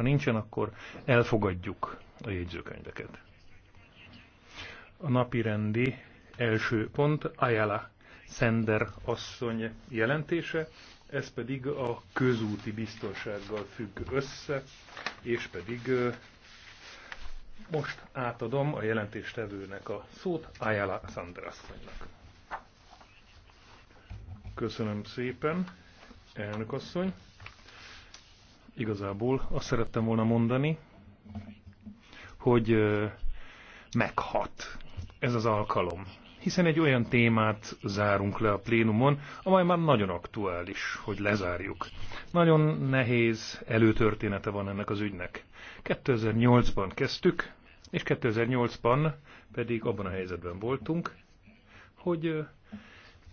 Ha nincsen, akkor elfogadjuk a jegyzőkönyveket. A napi rendi első pont Ayala Sender asszony jelentése, ez pedig a közúti biztonsággal függ össze, és pedig most átadom a jelentéstevőnek a szót Ayala Sandra asszonynak. Köszönöm szépen, elnök asszony. Igazából azt szerettem volna mondani, hogy meghat ez az alkalom. Hiszen egy olyan témát zárunk le a plénumon, amely már nagyon aktuális, hogy lezárjuk. Nagyon nehéz előtörténete van ennek az ügynek. 2008-ban kezdtük, és 2008-ban pedig abban a helyzetben voltunk, hogy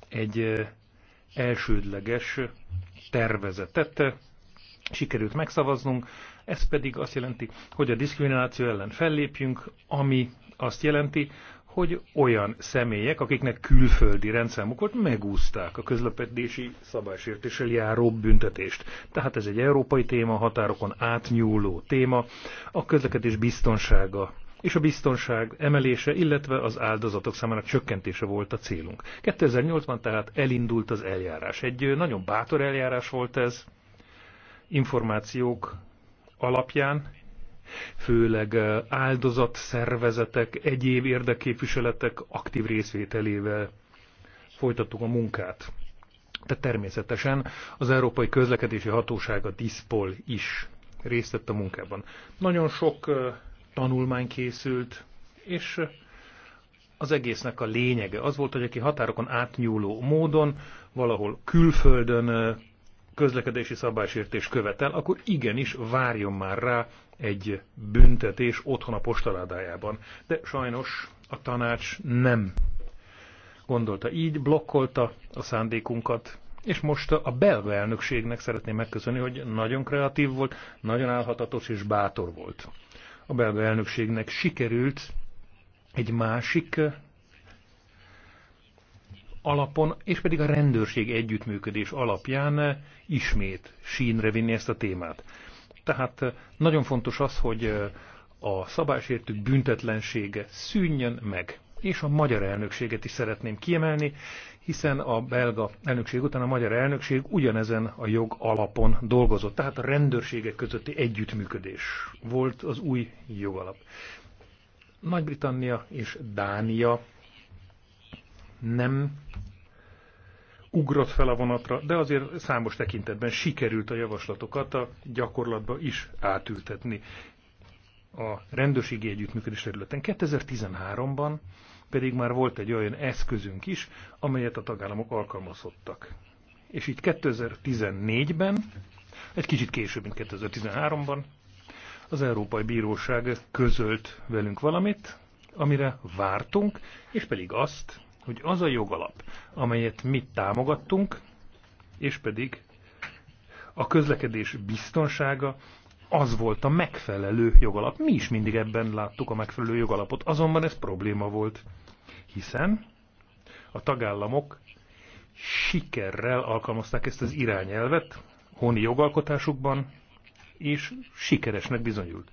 egy elsődleges tervezetet sikerült megszavaznunk, ez pedig azt jelenti, hogy a diszkrimináció ellen fellépjünk, ami azt jelenti, hogy olyan személyek, akiknek külföldi rendszámokat megúzták a közlekedési szabálysértéssel járó büntetést. Tehát ez egy európai téma, határokon átnyúló téma, a közlekedés biztonsága és a biztonság emelése, illetve az áldozatok számának csökkentése volt a célunk. 2008-ban tehát elindult az eljárás. Egy nagyon bátor eljárás volt ez, információk alapján, főleg áldozat szervezetek, egyéb érdekképviseletek aktív részvételével folytattuk a munkát. De természetesen az Európai Közlekedési Hatóság, a DISPOL is részt vett a munkában. Nagyon sok tanulmány készült, és az egésznek a lényege az volt, hogy aki határokon átnyúló módon, valahol külföldön közlekedési szabálysértés követel, akkor igenis várjon már rá egy büntetés otthon a postaládájában. De sajnos a tanács nem gondolta így, blokkolta a szándékunkat, és most a belga elnökségnek szeretném megköszönni, hogy nagyon kreatív volt, nagyon állhatatos és bátor volt. A belga elnökségnek sikerült egy másik alapon, és pedig a rendőrség együttműködés alapján eh, ismét sínre vinni ezt a témát. Tehát eh, nagyon fontos az, hogy eh, a szabálysértők büntetlensége szűnjön meg. És a magyar elnökséget is szeretném kiemelni, hiszen a belga elnökség után a magyar elnökség ugyanezen a jog alapon dolgozott. Tehát a rendőrségek közötti együttműködés volt az új jogalap. Nagy-Britannia és Dánia nem ugrott fel a vonatra, de azért számos tekintetben sikerült a javaslatokat a gyakorlatba is átültetni. A rendőrségi együttműködés területen 2013-ban pedig már volt egy olyan eszközünk is, amelyet a tagállamok alkalmazottak. És így 2014-ben, egy kicsit később, mint 2013-ban, az Európai Bíróság közölt velünk valamit, amire vártunk, és pedig azt, hogy az a jogalap, amelyet mi támogattunk, és pedig a közlekedés biztonsága, az volt a megfelelő jogalap. Mi is mindig ebben láttuk a megfelelő jogalapot, azonban ez probléma volt, hiszen a tagállamok sikerrel alkalmazták ezt az irányelvet honi jogalkotásukban, és sikeresnek bizonyult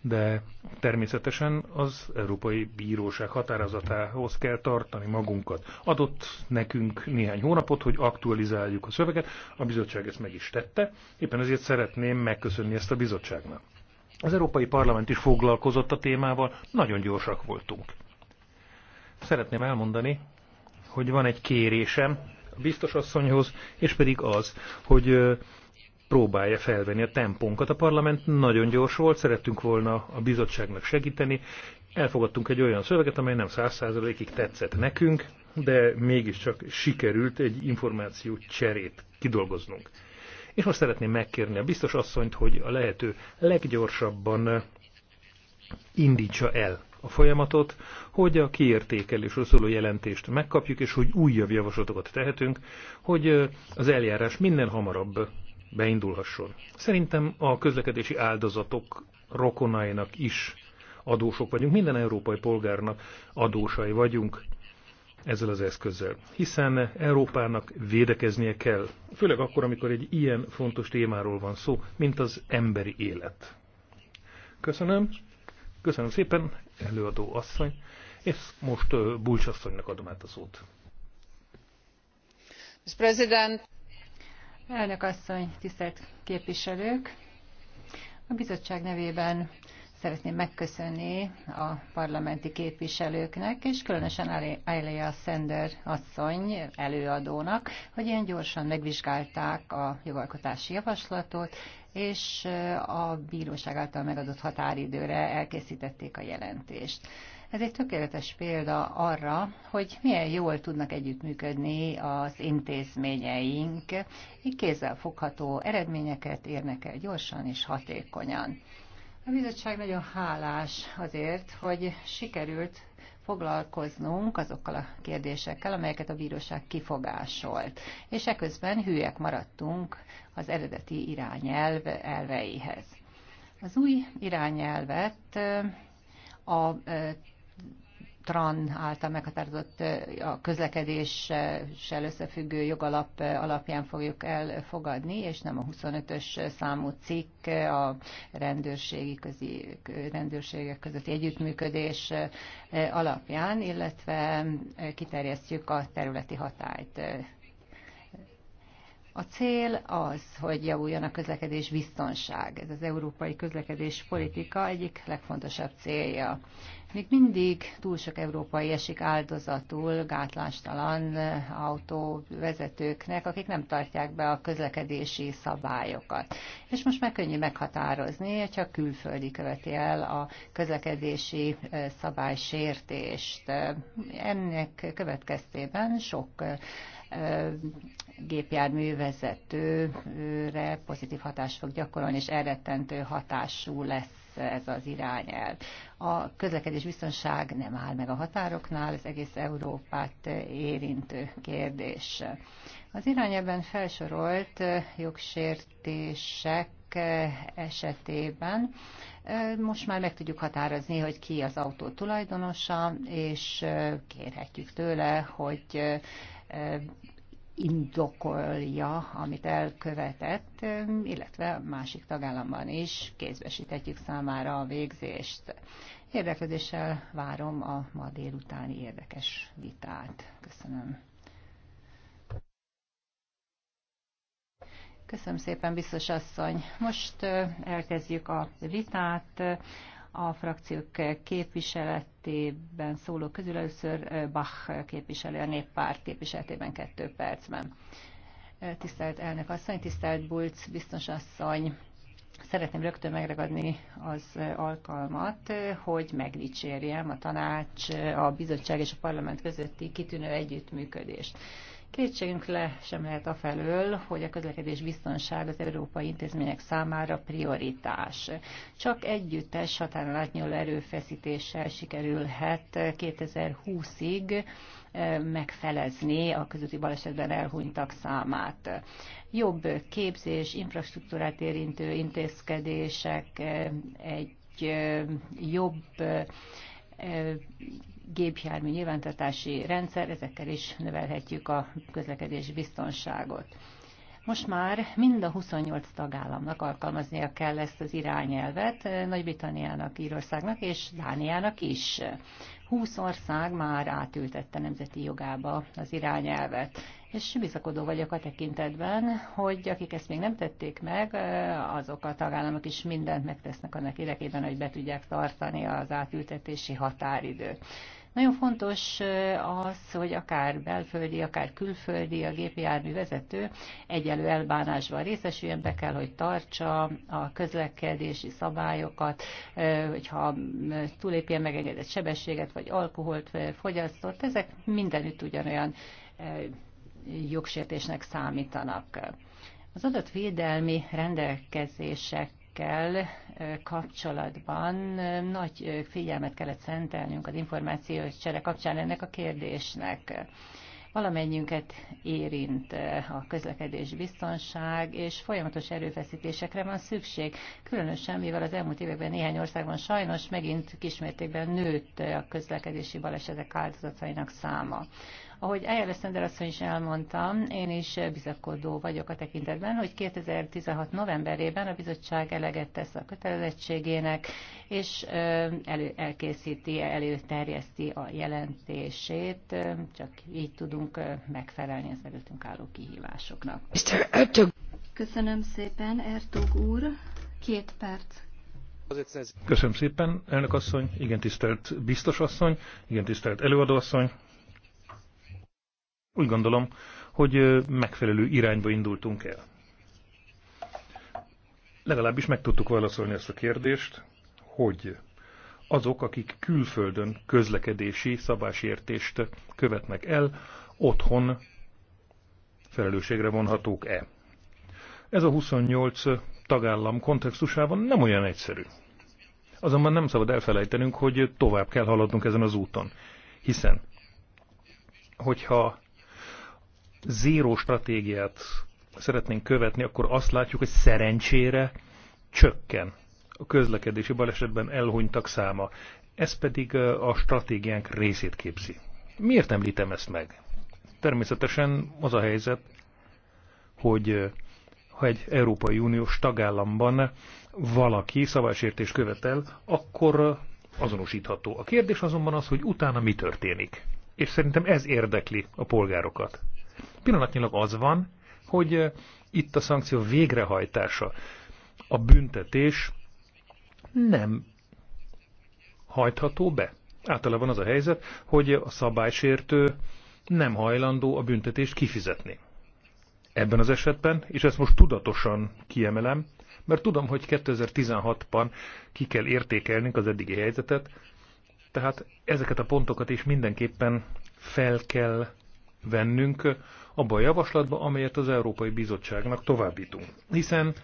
de természetesen az Európai Bíróság határozatához kell tartani magunkat. Adott nekünk néhány hónapot, hogy aktualizáljuk a szöveget, a bizottság ezt meg is tette, éppen ezért szeretném megköszönni ezt a bizottságnak. Az Európai Parlament is foglalkozott a témával, nagyon gyorsak voltunk. Szeretném elmondani, hogy van egy kérésem a biztosasszonyhoz, és pedig az, hogy próbálja felvenni a tempónkat. A parlament nagyon gyors volt, szerettünk volna a bizottságnak segíteni. Elfogadtunk egy olyan szöveget, amely nem száz százalékig tetszett nekünk, de mégiscsak sikerült egy információ cserét kidolgoznunk. És most szeretném megkérni a biztos asszonyt, hogy a lehető leggyorsabban indítsa el a folyamatot, hogy a kiértékelésről szóló jelentést megkapjuk, és hogy újabb javaslatokat tehetünk, hogy az eljárás minden hamarabb beindulhasson. Szerintem a közlekedési áldozatok rokonainak is adósok vagyunk, minden európai polgárnak adósai vagyunk ezzel az eszközzel. Hiszen Európának védekeznie kell, főleg akkor, amikor egy ilyen fontos témáról van szó, mint az emberi élet. Köszönöm. Köszönöm szépen, előadó asszony. És most Bulcs asszonynak adom át a szót. Mr. President. Elnök asszony, tisztelt képviselők! A bizottság nevében szeretném megköszönni a parlamenti képviselőknek, és különösen Aileya Sender asszony előadónak, hogy ilyen gyorsan megvizsgálták a jogalkotási javaslatot, és a bíróság által megadott határidőre elkészítették a jelentést. Ez egy tökéletes példa arra, hogy milyen jól tudnak együttműködni az intézményeink, így kézzel fogható eredményeket érnek el gyorsan és hatékonyan. A bizottság nagyon hálás azért, hogy sikerült foglalkoznunk azokkal a kérdésekkel, amelyeket a bíróság kifogásolt, és eközben hülyek maradtunk az eredeti irányelv elveihez. Az új irányelvet a TRAN által meghatározott a közlekedéssel összefüggő jogalap alapján fogjuk elfogadni, és nem a 25-ös számú cikk a rendőrségi közi, rendőrségek közötti együttműködés alapján, illetve kiterjesztjük a területi hatályt a cél az, hogy javuljon a közlekedés biztonság. Ez az európai közlekedés politika egyik legfontosabb célja. Még mindig túl sok európai esik áldozatul gátlástalan autóvezetőknek, akik nem tartják be a közlekedési szabályokat. És most már könnyű meghatározni, csak külföldi követi el a közlekedési szabálysértést. Ennek következtében sok gépjárművezetőre pozitív hatás fog gyakorolni, és elrettentő hatású lesz ez az irányelv. A közlekedés biztonság nem áll meg a határoknál, ez egész Európát érintő kérdés. Az irányelben felsorolt jogsértések esetében most már meg tudjuk határozni, hogy ki az autó tulajdonosa, és kérhetjük tőle, hogy indokolja, amit elkövetett, illetve a másik tagállamban is kézbesíthetjük számára a végzést. Érdeklődéssel várom a ma délutáni érdekes vitát. Köszönöm. Köszönöm szépen, biztos asszony. Most elkezdjük a vitát. A frakciók képviselet képviseletében szóló közül először Bach képviselő, a néppárt képviseletében kettő percben. Tisztelt elnök asszony, tisztelt Bulc biztos asszony, szeretném rögtön megragadni az alkalmat, hogy megdicsérjem a tanács, a bizottság és a parlament közötti kitűnő együttműködést. Kétségünk le sem lehet a felől, hogy a közlekedés biztonság az európai intézmények számára prioritás. Csak együttes határon átnyúló erőfeszítéssel sikerülhet 2020-ig eh, megfelezni a közúti balesetben elhunytak számát. Jobb képzés, infrastruktúrát érintő intézkedések, eh, egy eh, jobb gépjármű nyilvántartási rendszer, ezekkel is növelhetjük a közlekedés biztonságot. Most már mind a 28 tagállamnak alkalmaznia kell ezt az irányelvet, Nagy-Britanniának, Írországnak és Dániának is. 20 ország már átültette nemzeti jogába az irányelvet. És bizakodó vagyok a tekintetben, hogy akik ezt még nem tették meg, azok a tagállamok is mindent megtesznek annak érdekében, hogy be tudják tartani az átültetési határidőt. Nagyon fontos az, hogy akár belföldi, akár külföldi a gépjármű vezető egyelő elbánásban részesüljön, be kell, hogy tartsa a közlekedési szabályokat, hogyha túlépje megengedett sebességet, vagy alkoholt fogyasztott, ezek mindenütt ugyanolyan jogsértésnek számítanak. Az adatvédelmi rendelkezések ügyekkel kapcsolatban nagy figyelmet kellett szentelnünk az információs csere kapcsán ennek a kérdésnek. Valamennyünket érint a közlekedés biztonság, és folyamatos erőfeszítésekre van szükség, különösen mivel az elmúlt években néhány országban sajnos megint kismértékben nőtt a közlekedési balesetek áldozatainak száma. Ahogy Ejjel Szender asszony is elmondtam, én is bizakodó vagyok a tekintetben, hogy 2016 novemberében a bizottság eleget tesz a kötelezettségének, és elő, elkészíti, előterjeszti a jelentését, csak így tudunk megfelelni az előttünk álló kihívásoknak. Köszönöm szépen, Ertug úr. Két perc. Köszönöm szépen, elnök asszony, igen tisztelt biztos asszony, igen tisztelt előadó asszony, úgy gondolom, hogy megfelelő irányba indultunk el. Legalábbis meg tudtuk válaszolni ezt a kérdést, hogy azok, akik külföldön közlekedési szabásértést követnek el, otthon felelősségre vonhatók-e. Ez a 28 tagállam kontextusában nem olyan egyszerű. Azonban nem szabad elfelejtenünk, hogy tovább kell haladnunk ezen az úton. Hiszen, hogyha zéró stratégiát szeretnénk követni, akkor azt látjuk, hogy szerencsére csökken a közlekedési balesetben elhunytak száma. Ez pedig a stratégiánk részét képzi. Miért említem ezt meg? Természetesen az a helyzet, hogy ha egy Európai Uniós tagállamban valaki szabálysértést követel, akkor azonosítható. A kérdés azonban az, hogy utána mi történik. És szerintem ez érdekli a polgárokat. Pillanatnyilag az van, hogy itt a szankció végrehajtása, a büntetés nem hajtható be. Általában az a helyzet, hogy a szabálysértő nem hajlandó a büntetést kifizetni. Ebben az esetben, és ezt most tudatosan kiemelem, mert tudom, hogy 2016-ban ki kell értékelnünk az eddigi helyzetet, tehát ezeket a pontokat is mindenképpen fel kell vennünk abba a javaslatba, amelyet az Európai Bizottságnak továbbítunk. Hiszen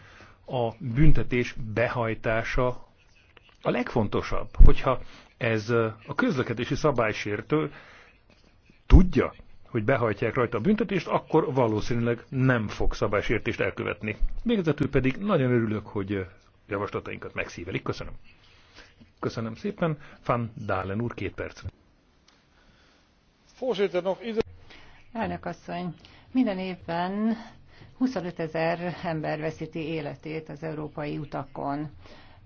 a büntetés behajtása a legfontosabb, hogyha ez a közlekedési szabálysértő tudja, hogy behajtják rajta a büntetést, akkor valószínűleg nem fog szabálysértést elkövetni. Végezetül pedig nagyon örülök, hogy javaslatainkat megszívelik. Köszönöm. Köszönöm szépen. Van Dálen úr, két percre. Voorzitter, nog ieder... Elnök asszony, minden évben 25 ezer ember veszíti életét az európai utakon.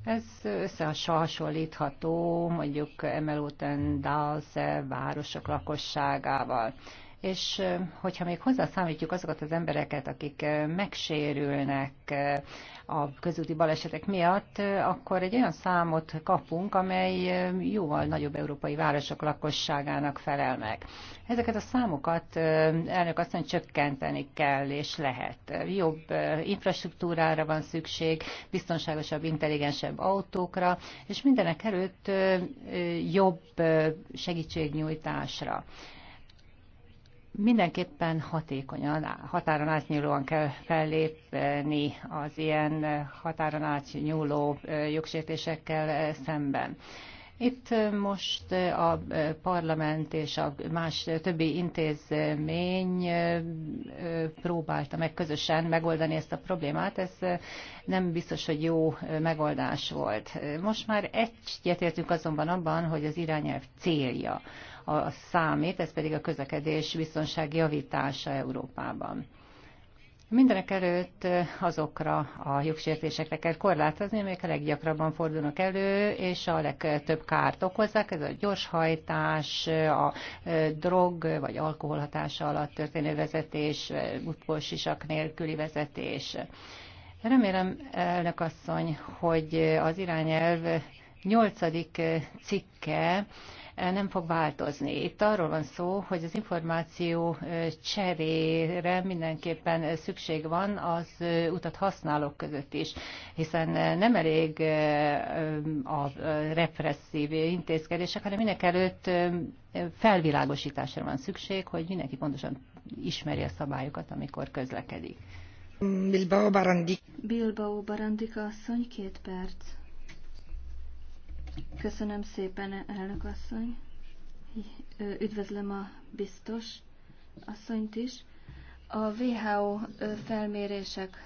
Ez összehasonlítható mondjuk Emelóten, Dalsze városok lakosságával és hogyha még hozzászámítjuk azokat az embereket, akik megsérülnek a közúti balesetek miatt, akkor egy olyan számot kapunk, amely jóval nagyobb európai városok lakosságának felel meg. Ezeket a számokat elnök azt mondja, csökkenteni kell és lehet. Jobb infrastruktúrára van szükség, biztonságosabb, intelligensebb autókra, és mindenek előtt jobb segítségnyújtásra mindenképpen hatékonyan, határon átnyúlóan kell fellépni az ilyen határon átnyúló jogsértésekkel szemben. Itt most a parlament és a más többi intézmény próbálta meg közösen megoldani ezt a problémát. Ez nem biztos, hogy jó megoldás volt. Most már egyetértünk azonban abban, hogy az irányelv célja a számít, ez pedig a közlekedés biztonsági javítása Európában. Mindenek előtt azokra a jogsértésekre kell korlátozni, amelyek a leggyakrabban fordulnak elő, és a legtöbb kárt okozzák. Ez a gyorshajtás, a drog vagy alkohol hatása alatt történő vezetés, utolsisak nélküli vezetés. Remélem, elnök asszony, hogy az irányelv nyolcadik cikke nem fog változni. Itt arról van szó, hogy az információ cserére mindenképpen szükség van az utat használók között is, hiszen nem elég a represszív intézkedések, hanem mindenek előtt felvilágosításra van szükség, hogy mindenki pontosan ismeri a szabályokat, amikor közlekedik. Bilbao Barandika. Bilbao Barandika asszony, két perc. Köszönöm szépen, elnök asszony. Üdvözlöm a biztos asszonyt is. A WHO felmérések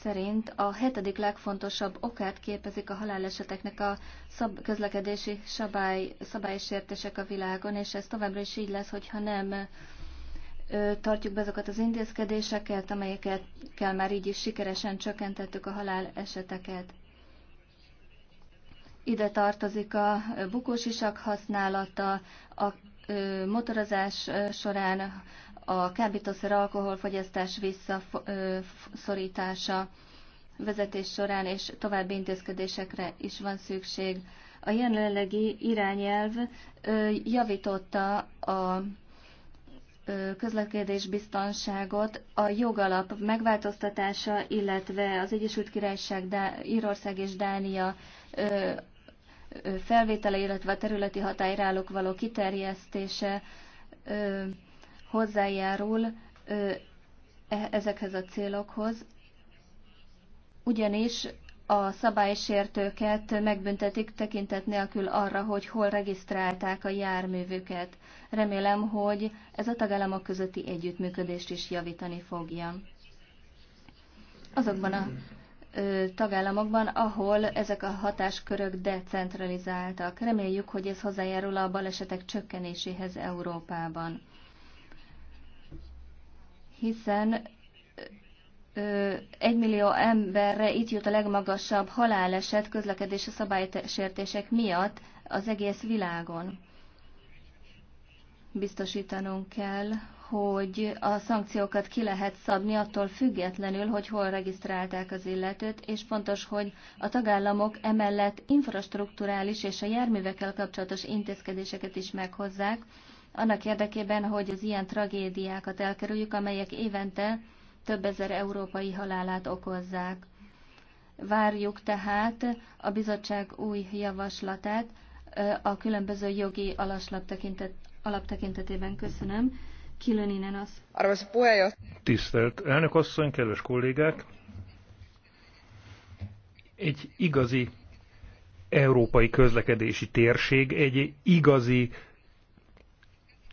szerint a hetedik legfontosabb okát képezik a haláleseteknek a szab közlekedési szabály, szabálysértések a világon, és ez továbbra is így lesz, hogyha nem tartjuk be azokat az intézkedéseket, kell már így is sikeresen csökkentettük a haláleseteket. Ide tartozik a bukósisak használata, a motorozás során a kábítószer alkoholfogyasztás visszaszorítása vezetés során és további intézkedésekre is van szükség. A jelenlegi irányelv javította a közlekedés biztonságot a jogalap megváltoztatása, illetve az Egyesült Királyság, Írország és Dánia felvétele, illetve a területi határállók való kiterjesztése hozzájárul e-, ezekhez a célokhoz, ugyanis a szabálysértőket megbüntetik tekintet nélkül arra, hogy hol regisztrálták a járművüket. Remélem, hogy ez a tagállamok közötti együttműködést is javítani fogja. Azokban a ö, tagállamokban, ahol ezek a hatáskörök decentralizáltak. Reméljük, hogy ez hozzájárul a balesetek csökkenéséhez Európában. Hiszen egymillió emberre itt jut a legmagasabb haláleset közlekedési szabálysértések miatt az egész világon. Biztosítanunk kell, hogy a szankciókat ki lehet szabni attól függetlenül, hogy hol regisztrálták az illetőt, és fontos, hogy a tagállamok emellett infrastruktúrális és a járművekkel kapcsolatos intézkedéseket is meghozzák, annak érdekében, hogy az ilyen tragédiákat elkerüljük, amelyek évente több ezer európai halálát okozzák. Várjuk tehát a bizottság új javaslatát a különböző jogi alaslaptekintet, alaptekintetében. Köszönöm. Kilöninen az. Arvasz puheenjohtaja. Tisztelt elnök asszony, kedves kollégák! Egy igazi európai közlekedési térség, egy igazi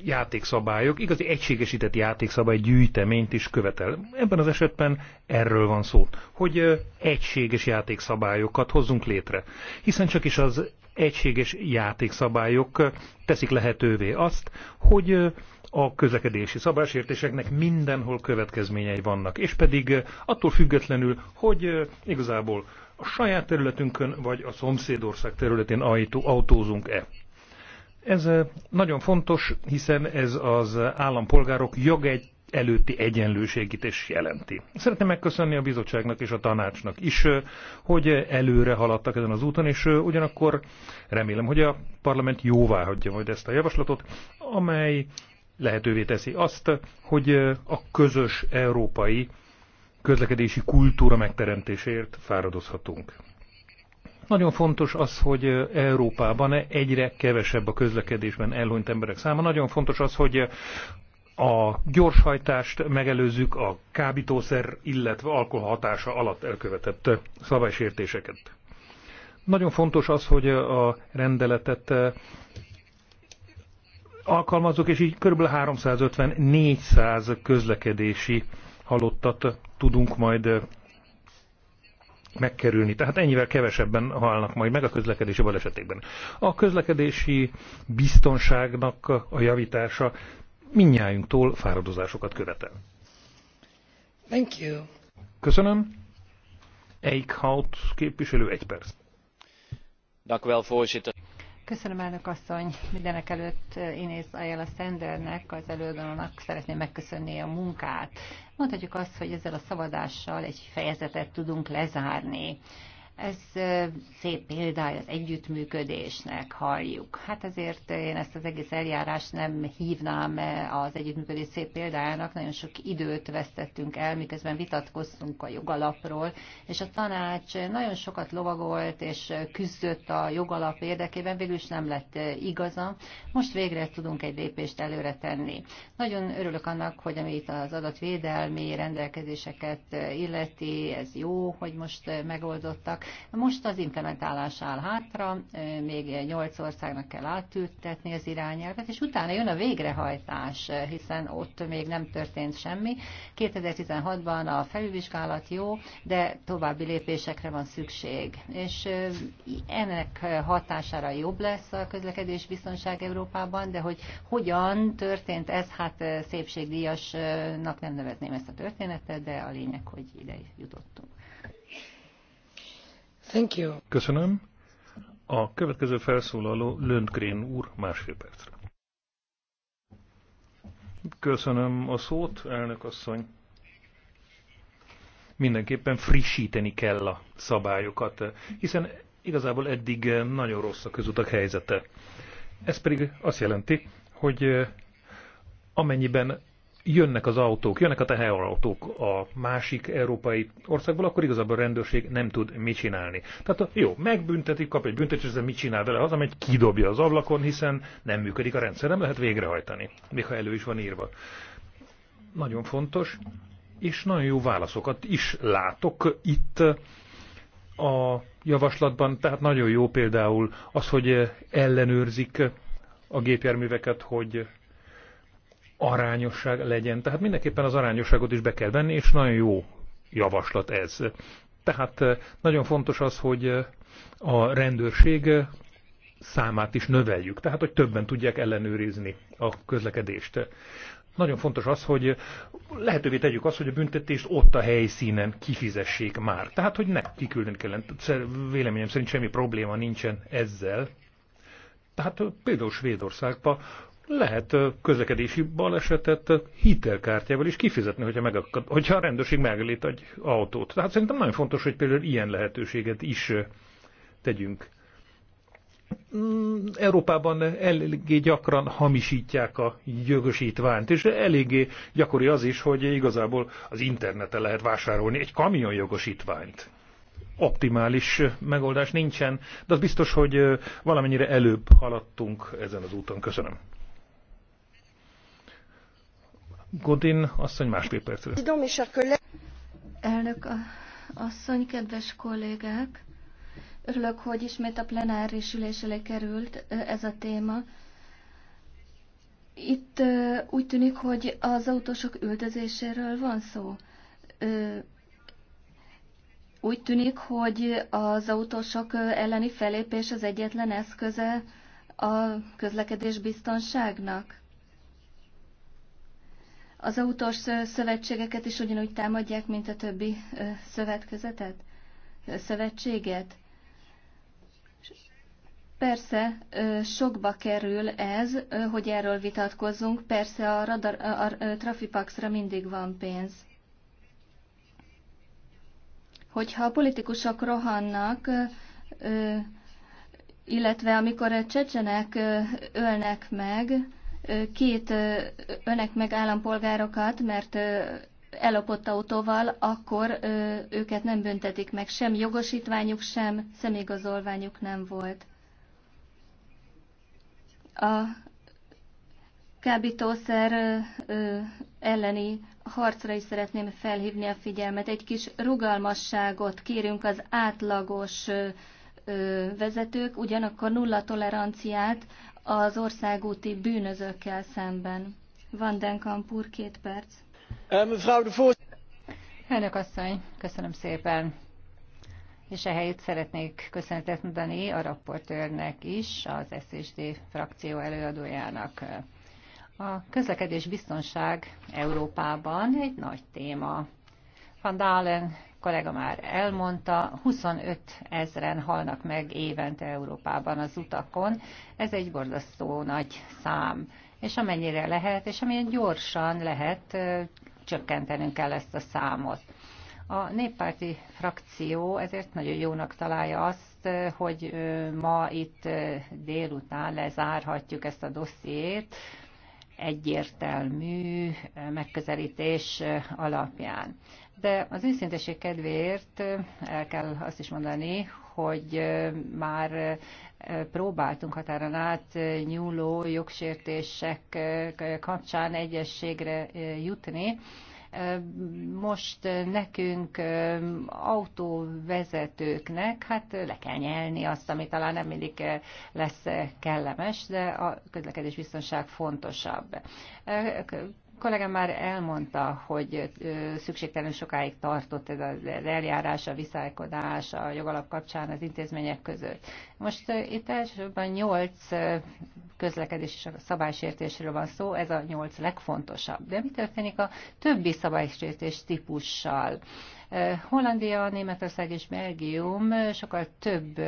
játékszabályok, igazi egységesített játékszabály gyűjteményt is követel. Ebben az esetben erről van szó, hogy egységes játékszabályokat hozzunk létre. Hiszen csak is az egységes játékszabályok teszik lehetővé azt, hogy a közlekedési szabásértéseknek mindenhol következményei vannak, és pedig attól függetlenül, hogy igazából a saját területünkön vagy a szomszédország területén autózunk-e. Ez nagyon fontos, hiszen ez az állampolgárok jogegy előtti egyenlőségét is jelenti. Szeretném megköszönni a bizottságnak és a tanácsnak is, hogy előre haladtak ezen az úton, és ugyanakkor remélem, hogy a parlament jóvá hagyja majd ezt a javaslatot, amely lehetővé teszi azt, hogy a közös európai közlekedési kultúra megteremtéséért fáradozhatunk. Nagyon fontos az, hogy Európában egyre kevesebb a közlekedésben elhunyt emberek száma. Nagyon fontos az, hogy a gyorshajtást megelőzzük a kábítószer, illetve alkohol hatása alatt elkövetett szabálysértéseket. Nagyon fontos az, hogy a rendeletet alkalmazzuk, és így kb. 350-400 közlekedési halottat tudunk majd megkerülni. Tehát ennyivel kevesebben halnak majd meg a közlekedési balesetekben. A közlekedési biztonságnak a javítása minnyájunktól fáradozásokat követel. Thank you. Köszönöm. Eichhout képviselő, egy perc. Dank u wel, voorzitter. Köszönöm, elnök asszony. Mindenek előtt eh, Inés Ayala Sendernek, az előadónak szeretném megköszönni a munkát. Mondhatjuk azt, hogy ezzel a szavazással egy fejezetet tudunk lezárni. Ez szép példája az együttműködésnek, halljuk. Hát ezért én ezt az egész eljárást nem hívnám az együttműködés szép példájának. Nagyon sok időt vesztettünk el, miközben vitatkoztunk a jogalapról, és a tanács nagyon sokat lovagolt és küzdött a jogalap érdekében, végül is nem lett igaza. Most végre tudunk egy lépést előre tenni. Nagyon örülök annak, hogy amit az adatvédelmi rendelkezéseket illeti, ez jó, hogy most megoldottak most az implementálás áll hátra, még nyolc országnak kell átültetni az irányelvet, és utána jön a végrehajtás, hiszen ott még nem történt semmi. 2016-ban a felülvizsgálat jó, de további lépésekre van szükség. És ennek hatására jobb lesz a közlekedés biztonság Európában, de hogy hogyan történt ez, hát szépségdíjasnak nem nevezném ezt a történetet, de a lényeg, hogy ide jutottunk. Köszönöm. A következő felszólaló Löndgren úr másfél percre. Köszönöm a szót, elnök asszony. Mindenképpen frissíteni kell a szabályokat, hiszen igazából eddig nagyon rossz a közutak helyzete. Ez pedig azt jelenti, hogy amennyiben jönnek az autók, jönnek a teherautók a másik európai országból, akkor igazából a rendőrség nem tud mit csinálni. Tehát jó, megbüntetik, kap egy büntetést, de mit csinál vele? Hazamegy, kidobja az ablakon, hiszen nem működik a rendszer, nem lehet végrehajtani, még ha elő is van írva. Nagyon fontos, és nagyon jó válaszokat is látok itt a javaslatban, tehát nagyon jó például az, hogy ellenőrzik a gépjárműveket, hogy arányosság legyen. Tehát mindenképpen az arányosságot is be kell venni, és nagyon jó javaslat ez. Tehát eh, nagyon fontos az, hogy eh, a rendőrség eh, számát is növeljük, tehát hogy többen tudják ellenőrizni a közlekedést. Nagyon fontos az, hogy lehetővé tegyük azt, hogy a büntetést ott a helyszínen kifizessék már. Tehát, hogy ne kiküldeni kellene. Véleményem szerint semmi probléma nincsen ezzel. Tehát például Svédországban lehet közlekedési balesetet hitelkártyával is kifizetni, hogyha, megakad, hogyha a rendőrség megelít egy autót. Tehát szerintem nagyon fontos, hogy például ilyen lehetőséget is tegyünk. Mm, Európában eléggé gyakran hamisítják a jogosítványt, és eléggé gyakori az is, hogy igazából az interneten lehet vásárolni egy kamion jogosítványt. Optimális megoldás nincsen, de az biztos, hogy valamennyire előbb haladtunk ezen az úton. Köszönöm. Godin asszony másfél percre. Elnök asszony, kedves kollégák! Örülök, hogy ismét a plenáris ülés elé került ez a téma. Itt úgy tűnik, hogy az autósok üldözéséről van szó. Úgy tűnik, hogy az autósok elleni felépés az egyetlen eszköze a közlekedés biztonságnak. Az autós szövetségeket is ugyanúgy támadják, mint a többi szövetkezetet? Szövetséget? Persze, sokba kerül ez, hogy erről vitatkozzunk, persze a, radar, a Trafipaxra mindig van pénz. Hogyha a politikusok rohannak, illetve amikor csecsenek ölnek meg, két önnek meg állampolgárokat, mert ellopott autóval, akkor őket nem büntetik meg. Sem jogosítványuk, sem személyigazolványuk nem volt. A kábítószer elleni harcra is szeretném felhívni a figyelmet. Egy kis rugalmasságot kérünk az átlagos vezetők, ugyanakkor nulla toleranciát az országúti bűnözőkkel szemben. Van Denkamp úr, két perc. Eh, Elnök asszony, köszönöm szépen. És ehelyütt szeretnék köszönetet mondani a rapportőrnek is, az SZSD frakció előadójának. A közlekedés biztonság Európában egy nagy téma. Van Dálen kollega már elmondta, 25 ezeren halnak meg évente Európában az utakon. Ez egy borzasztó nagy szám. És amennyire lehet, és amilyen gyorsan lehet, csökkentenünk kell ezt a számot. A néppárti frakció ezért nagyon jónak találja azt, hogy ma itt délután lezárhatjuk ezt a dossziét egyértelmű megközelítés alapján de az őszinteség kedvéért el kell azt is mondani, hogy már próbáltunk határon át nyúló jogsértések kapcsán egyességre jutni. Most nekünk autóvezetőknek hát le kell nyelni azt, ami talán nem mindig lesz kellemes, de a közlekedés biztonság fontosabb kollégám már elmondta, hogy szükségtelenül sokáig tartott ez az eljárás, a viszálykodás a jogalap kapcsán az intézmények között. Most itt elsősorban nyolc közlekedés és a szabálysértésről van szó, ez a nyolc legfontosabb. De mi történik a többi szabálysértés típussal? Hollandia, Németország és Belgium sokkal több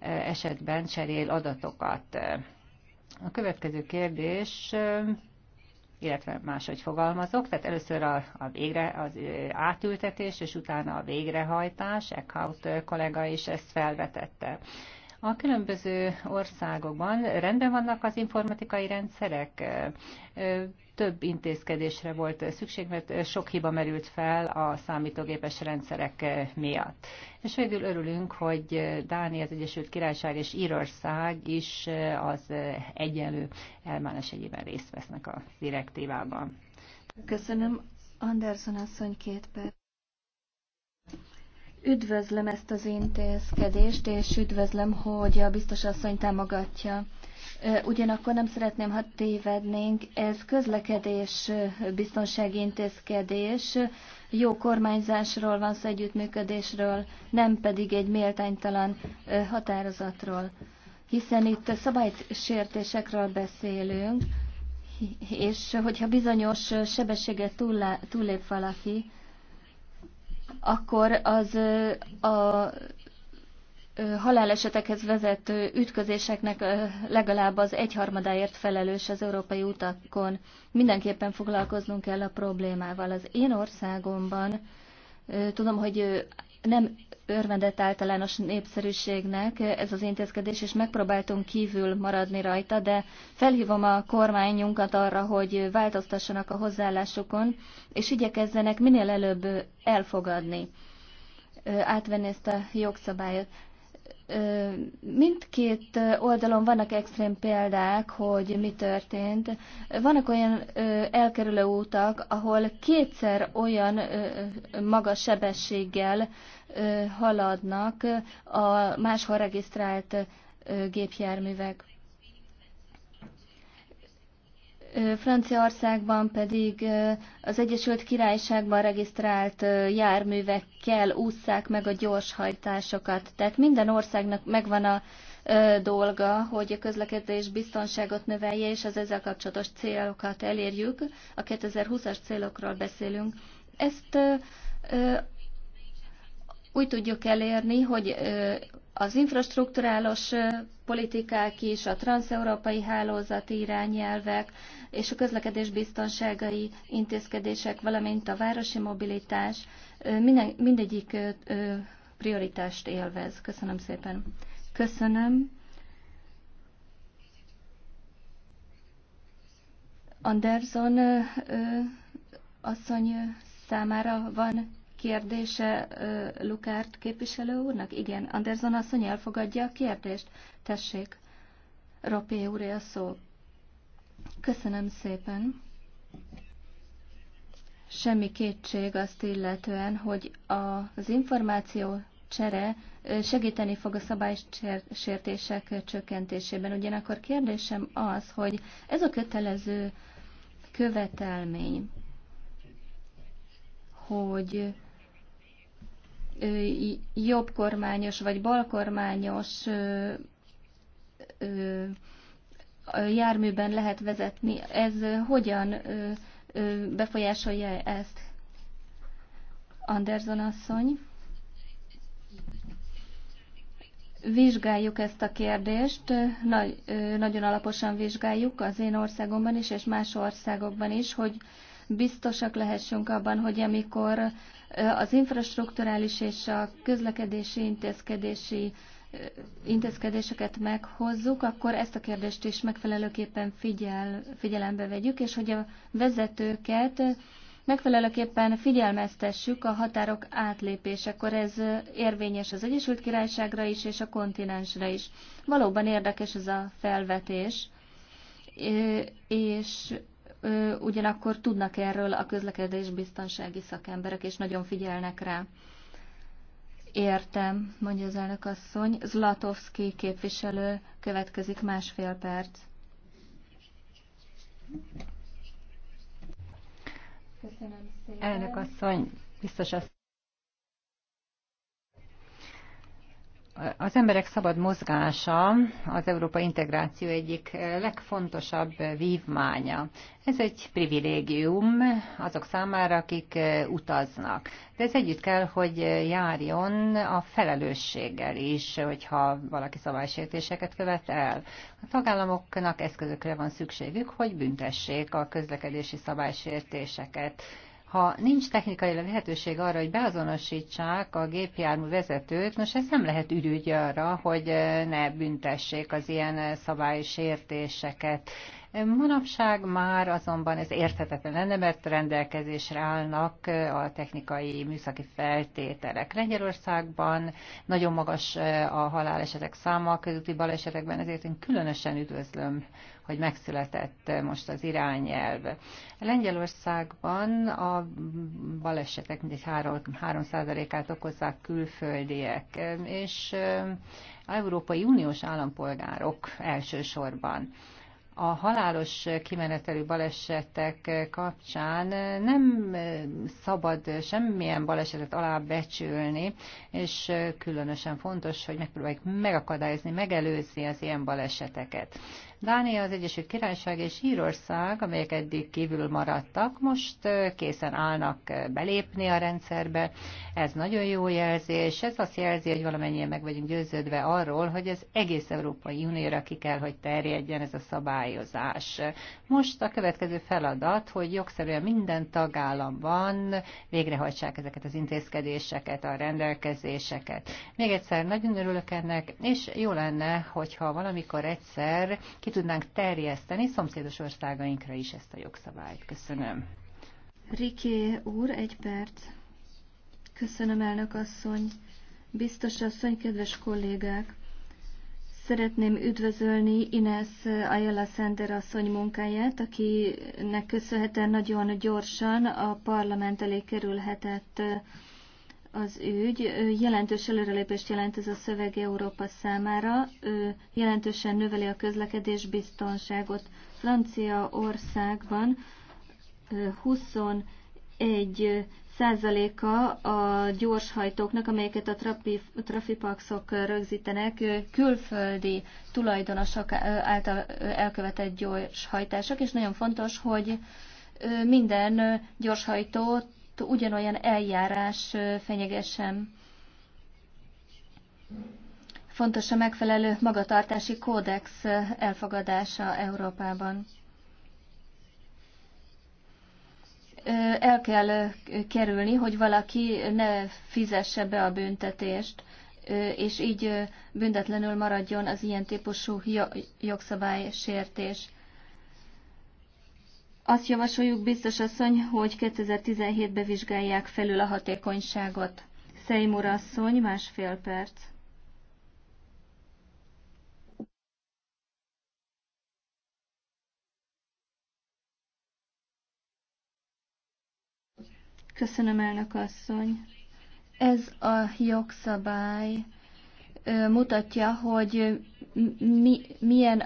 esetben cserél adatokat. A következő kérdés illetve máshogy fogalmazok. Tehát először a, a végre, az átültetés, és utána a végrehajtás. Eckhout kollega is ezt felvetette. A különböző országokban rendben vannak az informatikai rendszerek, több intézkedésre volt szükség, mert sok hiba merült fel a számítógépes rendszerek miatt. És végül örülünk, hogy Dánia, az Egyesült Királyság és Írország is az egyenlő elmánes egyében részt vesznek a direktívában. Köszönöm. Anderson asszony két perc. Üdvözlöm ezt az intézkedést, és üdvözlöm, hogy a biztos asszony támogatja. Ugyanakkor nem szeretném, ha tévednénk, ez közlekedés biztonsági intézkedés, jó kormányzásról van szó, együttműködésről, nem pedig egy méltánytalan határozatról. Hiszen itt szabálysértésekről beszélünk, és hogyha bizonyos sebességet túllép valaki, akkor az a halálesetekhez vezető ütközéseknek legalább az egyharmadáért felelős az európai utakon. Mindenképpen foglalkoznunk kell a problémával. Az én országomban tudom, hogy nem örvendett általános népszerűségnek ez az intézkedés, és megpróbáltunk kívül maradni rajta, de felhívom a kormányunkat arra, hogy változtassanak a hozzáállásukon, és igyekezzenek minél előbb elfogadni, átvenni ezt a jogszabályot mindkét oldalon vannak extrém példák, hogy mi történt. Vannak olyan elkerülő útak, ahol kétszer olyan magas sebességgel haladnak a máshol regisztrált gépjárművek. Franciaországban pedig az Egyesült Királyságban regisztrált járművekkel ússzák meg a gyorshajtásokat. Tehát minden országnak megvan a dolga, hogy a közlekedés biztonságot növelje, és az ezzel kapcsolatos célokat elérjük. A 2020-as célokról beszélünk. Ezt úgy tudjuk elérni, hogy az infrastruktúrálos politikák is, a transeurópai hálózati irányelvek és a közlekedés biztonságai intézkedések, valamint a városi mobilitás minden, mindegyik prioritást élvez. Köszönöm szépen. Köszönöm. Anderson asszony számára van kérdése Lukárt képviselő úrnak? Igen, Anderson asszony elfogadja a kérdést. Tessék, Ropé úré a szó. Köszönöm szépen. Semmi kétség azt illetően, hogy az információ csere segíteni fog a szabálysértések csökkentésében. Ugyanakkor kérdésem az, hogy ez a kötelező követelmény, hogy jobbkormányos vagy balkormányos járműben lehet vezetni. Ez hogyan befolyásolja ezt? Anderson asszony. Vizsgáljuk ezt a kérdést, nagyon alaposan vizsgáljuk az én országomban is, és más országokban is, hogy biztosak lehessünk abban, hogy amikor az infrastruktúrális és a közlekedési intézkedési intézkedéseket meghozzuk, akkor ezt a kérdést is megfelelőképpen figyel, figyelembe vegyük, és hogy a vezetőket megfelelőképpen figyelmeztessük a határok átlépésekor. Ez érvényes az Egyesült Királyságra is, és a kontinensre is. Valóban érdekes ez a felvetés, és ugyanakkor tudnak erről a közlekedés biztonsági szakemberek, és nagyon figyelnek rá. Értem, mondja az elnök asszony. Zlatowski képviselő következik másfél perc. Köszönöm szépen. Elnök asszony, biztos asszony. Az emberek szabad mozgása az Európa integráció egyik legfontosabb vívmánya. Ez egy privilégium azok számára, akik utaznak. De ez együtt kell, hogy járjon a felelősséggel is, hogyha valaki szabálysértéseket követ el. A tagállamoknak eszközökre van szükségük, hogy büntessék a közlekedési szabálysértéseket ha nincs technikai lehetőség arra, hogy beazonosítsák a gépjármű vezetőt, most ez nem lehet ürügy arra, hogy ne büntessék az ilyen szabálysértéseket. Manapság már azonban ez érthetetlen lenne, mert rendelkezésre állnak a technikai műszaki feltételek. Lengyelországban nagyon magas a halálesetek száma a közötti balesetekben, ezért én különösen üdvözlöm hogy megszületett most az irányelv. Lengyelországban a balesetek mindegy 3%-át okozzák külföldiek, és Európai Uniós állampolgárok elsősorban a halálos kimenetelű balesetek kapcsán nem szabad semmilyen balesetet alábecsülni, és különösen fontos, hogy megpróbáljuk megakadályozni, megelőzni az ilyen baleseteket. Dánia, az Egyesült Királyság és Írország, amelyek eddig kívül maradtak, most készen állnak belépni a rendszerbe. Ez nagyon jó jelzés. Ez azt jelzi, hogy valamennyien meg vagyunk győződve arról, hogy ez egész Európai Unióra ki kell, hogy terjedjen ez a szabályozás. Most a következő feladat, hogy jogszerűen minden tagállamban végrehajtsák ezeket az intézkedéseket, a rendelkezéseket. Még egyszer nagyon örülök ennek, és jó lenne, hogyha valamikor egyszer ki tudnánk terjeszteni szomszédos országainkra is ezt a jogszabályt. Köszönöm. Riké úr, egy perc. Köszönöm, elnök asszony. Biztos asszony, kedves kollégák! Szeretném üdvözölni Ines Ayala Sender asszony munkáját, akinek köszönhetően nagyon gyorsan a parlament elé kerülhetett az ügy. Jelentős előrelépést jelent ez a szöveg Európa számára. Jelentősen növeli a közlekedés biztonságot. Franciaországban 21 százaléka a gyorshajtóknak, amelyeket a trafipaxok rögzítenek, külföldi tulajdonosok által elkövetett gyorshajtások, és nagyon fontos, hogy minden gyorshajtót ugyanolyan eljárás fenyegesen. Fontos a megfelelő magatartási kódex elfogadása Európában. El kell kerülni, hogy valaki ne fizesse be a büntetést, és így büntetlenül maradjon az ilyen típusú jogszabálysértés. Azt javasoljuk, biztos asszony, hogy 2017-ben vizsgálják felül a hatékonyságot. Seymour asszony, másfél perc. Köszönöm, elnök asszony. Ez a jogszabály mutatja, hogy mi, milyen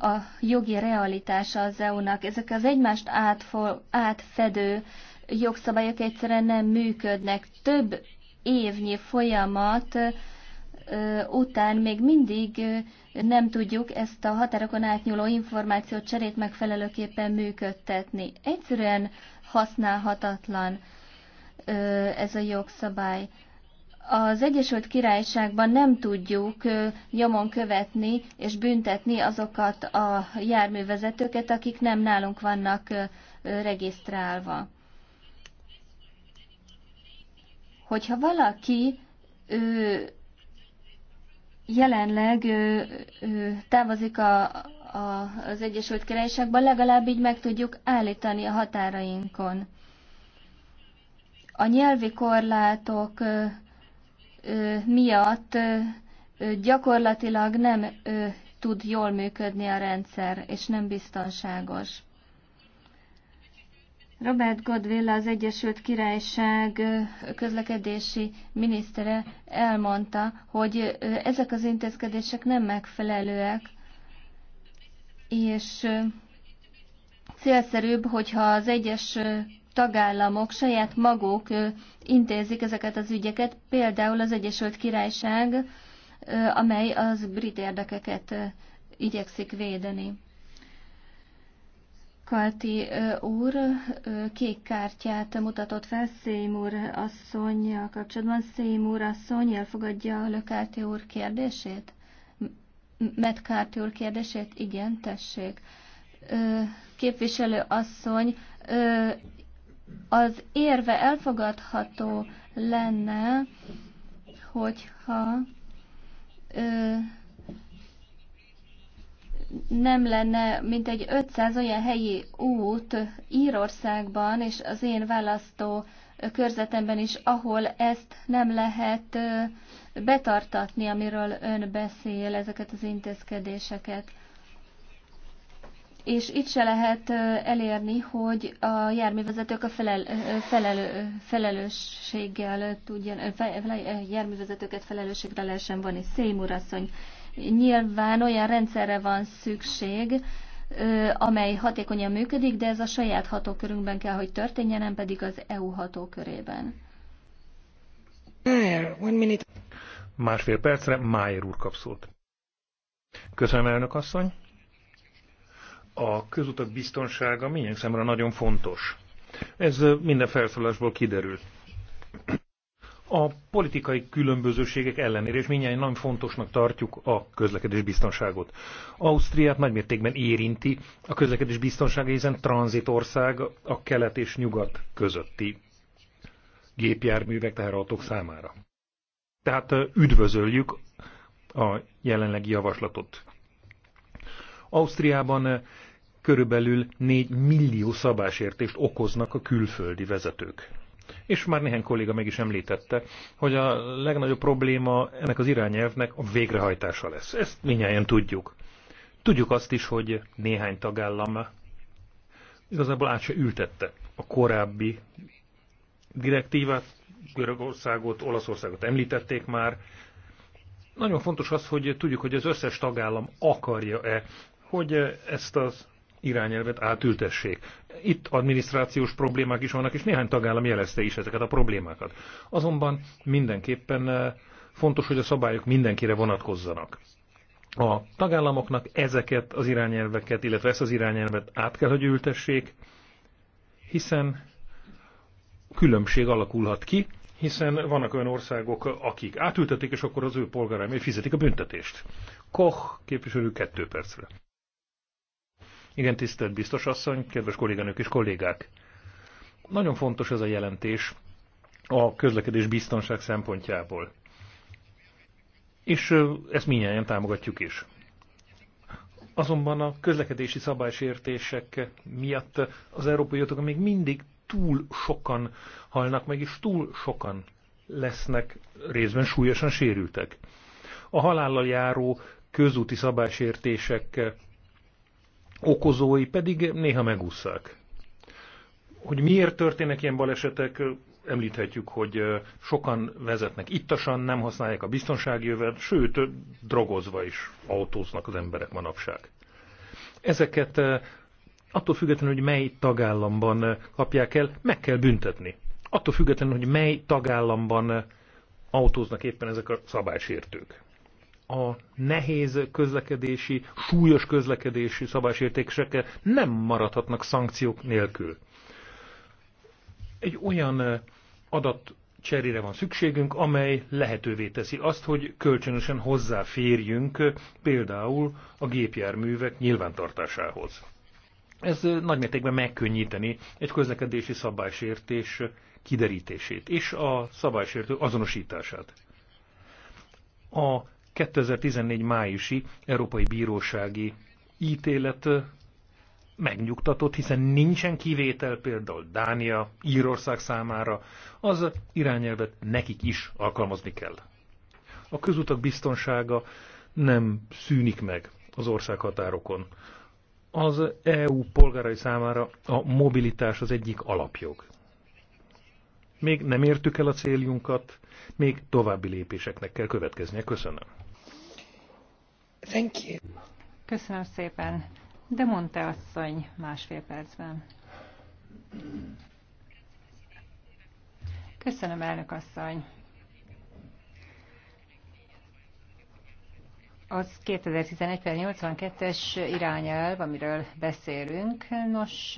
a jogi realitása az EU-nak. Ezek az egymást átfo, átfedő jogszabályok egyszerűen nem működnek. Több évnyi folyamat után még mindig nem tudjuk ezt a határokon átnyúló információt cserét megfelelőképpen működtetni. Egyszerűen használhatatlan ez a jogszabály az Egyesült Királyságban nem tudjuk nyomon követni és büntetni azokat a járművezetőket, akik nem nálunk vannak regisztrálva. Hogyha valaki ő, jelenleg ő, ő, távozik a, a, az Egyesült Királyságban, legalább így meg tudjuk állítani a határainkon. A nyelvi korlátok miatt gyakorlatilag nem tud jól működni a rendszer, és nem biztonságos. Robert Godwill, az Egyesült Királyság közlekedési minisztere elmondta, hogy ezek az intézkedések nem megfelelőek, és célszerűbb, hogyha az egyes tagállamok saját maguk intézik ezeket az ügyeket, például az Egyesült Királyság, amely az brit érdekeket igyekszik védeni. Kalti úr kék kártyát mutatott fel Szémúr asszonyjal kapcsolatban. Szémúr asszony elfogadja a Lökárti úr kérdését? Metkárti úr kérdését? Igen, tessék. Képviselő asszony, az érve elfogadható lenne, hogyha ö, nem lenne mint egy 500 olyan helyi út Írországban és az én választó körzetemben is, ahol ezt nem lehet betartatni, amiről ön beszél, ezeket az intézkedéseket és itt se lehet elérni, hogy a járművezetők a felel, felel, felelősséggel tudjan, fel, járművezetőket felelősségre lehessen vonni. Szémúr asszony, nyilván olyan rendszerre van szükség, amely hatékonyan működik, de ez a saját hatókörünkben kell, hogy történjen, nem pedig az EU hatókörében. Másfél percre Májer úr kap szót. Köszönöm, elnök asszony a közutak biztonsága minden számára nagyon fontos. Ez minden felszólásból kiderül. A politikai különbözőségek ellenére, és minnyáján nagyon fontosnak tartjuk a közlekedés biztonságot. Ausztriát nagymértékben érinti a közlekedés biztonsága, hiszen tranzitország a kelet és nyugat közötti gépjárművek, teherautók számára. Tehát üdvözöljük a jelenlegi javaslatot. Ausztriában eh, körülbelül 4 millió szabásértést okoznak a külföldi vezetők. És már néhány kolléga meg is említette, hogy a legnagyobb probléma ennek az irányelvnek a végrehajtása lesz. Ezt minnyáján tudjuk. Tudjuk azt is, hogy néhány tagállam igazából át se ültette a korábbi direktívát, Görögországot, Olaszországot említették már. Nagyon fontos az, hogy tudjuk, hogy az összes tagállam akarja-e hogy ezt az irányelvet átültessék. Itt adminisztrációs problémák is vannak, és néhány tagállam jelezte is ezeket a problémákat. Azonban mindenképpen eh, fontos, hogy a szabályok mindenkire vonatkozzanak. A tagállamoknak ezeket az irányelveket, illetve ezt az irányelvet át kell, hogy ültessék, hiszen különbség alakulhat ki, hiszen vannak olyan országok, akik átültetik, és akkor az ő polgárai fizetik a büntetést. Koch képviselő kettő percre. Igen, tisztelt biztos asszony, kedves kolléganők és kollégák! Nagyon fontos ez a jelentés a közlekedés biztonság szempontjából. És ezt minnyáján támogatjuk is. Azonban a közlekedési szabálysértések miatt az európai utakon még mindig túl sokan halnak meg, és túl sokan lesznek részben súlyosan sérültek. A halállal járó közúti szabálysértések okozói pedig néha megúszszák. Hogy miért történnek ilyen balesetek, említhetjük, hogy sokan vezetnek ittasan, nem használják a biztonsági övet, sőt, drogozva is autóznak az emberek manapság. Ezeket attól függetlenül, hogy mely tagállamban kapják el, meg kell büntetni. Attól függetlenül, hogy mely tagállamban autóznak éppen ezek a szabálysértők a nehéz közlekedési, súlyos közlekedési szabásértékesekkel nem maradhatnak szankciók nélkül. Egy olyan adat cserére van szükségünk, amely lehetővé teszi azt, hogy kölcsönösen hozzáférjünk például a gépjárművek nyilvántartásához. Ez nagymértékben megkönnyíteni egy közlekedési szabálysértés kiderítését és a szabálysértő azonosítását. A 2014 májusi Európai Bírósági ítélet megnyugtatott, hiszen nincsen kivétel például Dánia, Írország számára, az irányelvet nekik is alkalmazni kell. A közutak biztonsága nem szűnik meg az országhatárokon. Az EU polgárai számára a mobilitás az egyik alapjog. Még nem értük el a céljunkat, még további lépéseknek kell következnie. Köszönöm. Thank you. Köszönöm szépen. De mondta asszony másfél percben. Köszönöm, elnök asszony. Az 2011-82-es irányelv, amiről beszélünk, nos,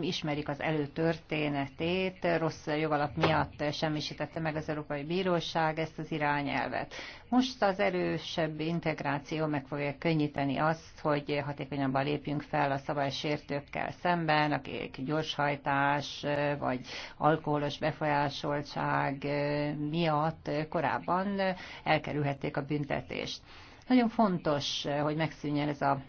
ismerik az előtörténetét, rossz jogalap miatt semmisítette meg az Európai Bíróság ezt az irányelvet. Most az erősebb integráció meg fogja könnyíteni azt, hogy hatékonyabban lépjünk fel a szabálysértőkkel szemben, akik gyorshajtás vagy alkoholos befolyásoltság miatt korábban elkerülhették a büntetést. Nagyon fontos, hogy megszűnjen ez a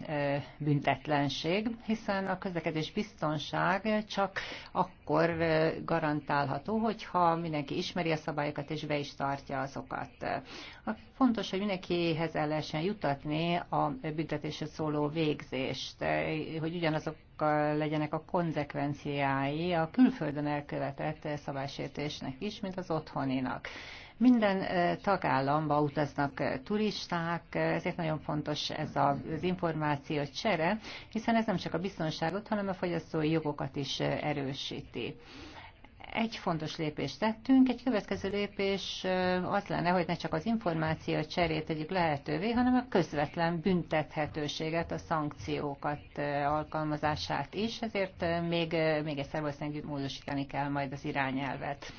büntetlenség, hiszen a közlekedés biztonság csak akkor garantálható, hogyha mindenki ismeri a szabályokat és be is tartja azokat. Fontos, hogy mindenkihez el lehessen jutatni a büntetésre szóló végzést, hogy ugyanazok legyenek a konzekvenciái a külföldön elkövetett szabálysértésnek is, mint az otthoninak. Minden tagállamba utaznak turisták, ezért nagyon fontos ez az információ csere, hiszen ez nem csak a biztonságot, hanem a fogyasztói jogokat is erősíti egy fontos lépést tettünk, egy következő lépés az lenne, hogy ne csak az információ cserét tegyük lehetővé, hanem a közvetlen büntethetőséget, a szankciókat alkalmazását is, ezért még, még egyszer valószínűleg módosítani kell majd az irányelvet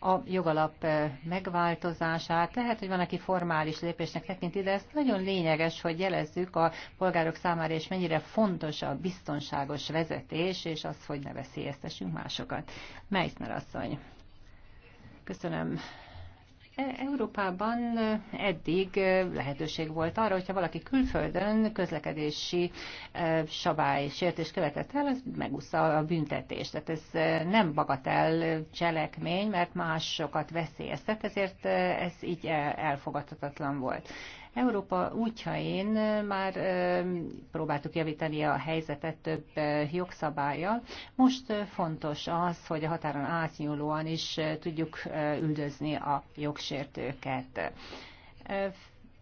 a jogalap eh, megváltozását. Lehet, hogy van, aki formális lépésnek tekinti, de ez nagyon lényeges, hogy jelezzük a polgárok számára, és mennyire fontos a biztonságos vezetés, és az, hogy ne veszélyeztessünk másokat. Meissner asszony. Köszönöm, E, Európában e, eddig e, lehetőség volt arra, hogyha valaki külföldön közlekedési szabály sértés követett el, az megúszta a büntetést. Tehát ez nem bagatel cselekmény, mert másokat veszélyeztet, ezért ez így elfogadhatatlan volt. Európa útjain már próbáltuk javítani a helyzetet több jogszabályjal. Most fontos az, hogy a határon átnyúlóan is tudjuk üldözni a jogsértőket.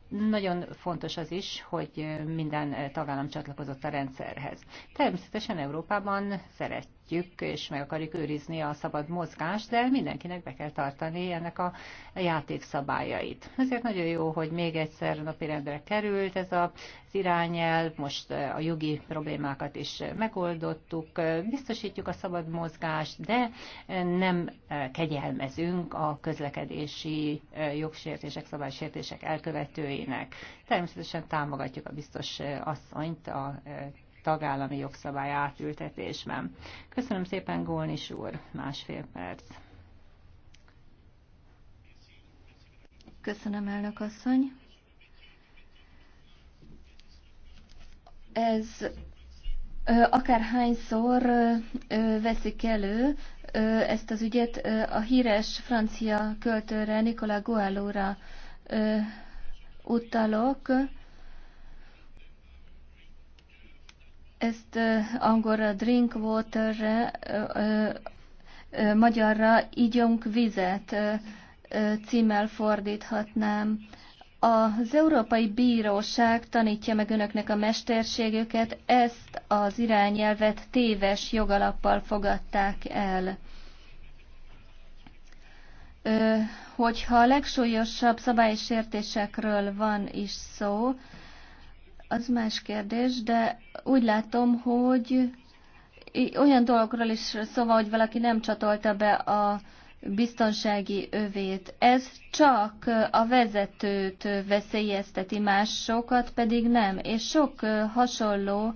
Nagyon fontos az is, hogy minden tagállam csatlakozott a rendszerhez. Természetesen Európában szeret, szeretjük és meg akarjuk őrizni a szabad mozgást, de mindenkinek be kell tartani ennek a játékszabályait. Ezért nagyon jó, hogy még egyszer napirendre került ez az irányelv, most eh, a jogi problémákat is megoldottuk, eh, biztosítjuk a szabad mozgást, de eh, nem kegyelmezünk a közlekedési jogsértések, szabálysértések elkövetőinek. Természetesen támogatjuk a biztos asszonyt a tagállami jogszabály átültetésben. Köszönöm szépen, Gólnis úr, másfél perc. Köszönöm, elnök asszony. Ez akárhányszor veszik elő ezt az ügyet, a híres francia költőre, Nicolas Goalóra utalok, ezt angolra drink uh, magyarra ígyunk vizet címmel fordíthatnám. Az Európai Bíróság tanítja meg önöknek a mesterségüket, ezt az irányelvet téves jogalappal fogadták el hogyha a legsúlyosabb szabálysértésekről van is szó, az más kérdés, de úgy látom, hogy olyan dolgokról is szóval, hogy valaki nem csatolta be a biztonsági övét. Ez csak a vezetőt veszélyezteti, másokat pedig nem. És sok hasonló,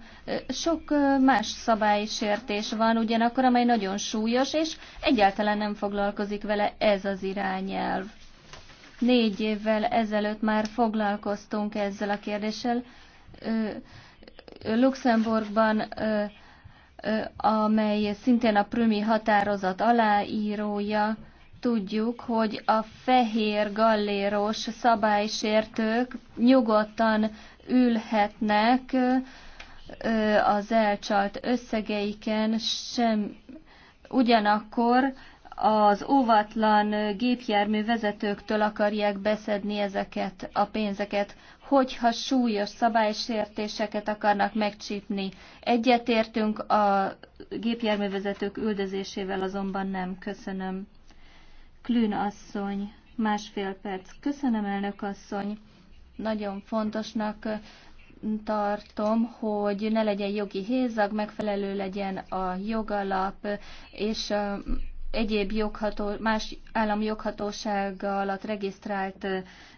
sok más szabálysértés van ugyanakkor, amely nagyon súlyos, és egyáltalán nem foglalkozik vele ez az irányelv. Négy évvel ezelőtt már foglalkoztunk ezzel a kérdéssel, Luxemburgban, amely szintén a Prümi határozat aláírója, tudjuk, hogy a fehér galléros szabálysértők nyugodtan ülhetnek az elcsalt összegeiken, sem ugyanakkor az óvatlan gépjármű vezetőktől akarják beszedni ezeket a pénzeket hogyha súlyos szabálysértéseket akarnak megcsípni. Egyetértünk a gépjárművezetők üldözésével, azonban nem. Köszönöm. Klűn asszony, másfél perc. Köszönöm, elnök asszony. Nagyon fontosnak tartom, hogy ne legyen jogi hézag, megfelelő legyen a jogalap, és egyéb jogható, más állami joghatósága alatt regisztrált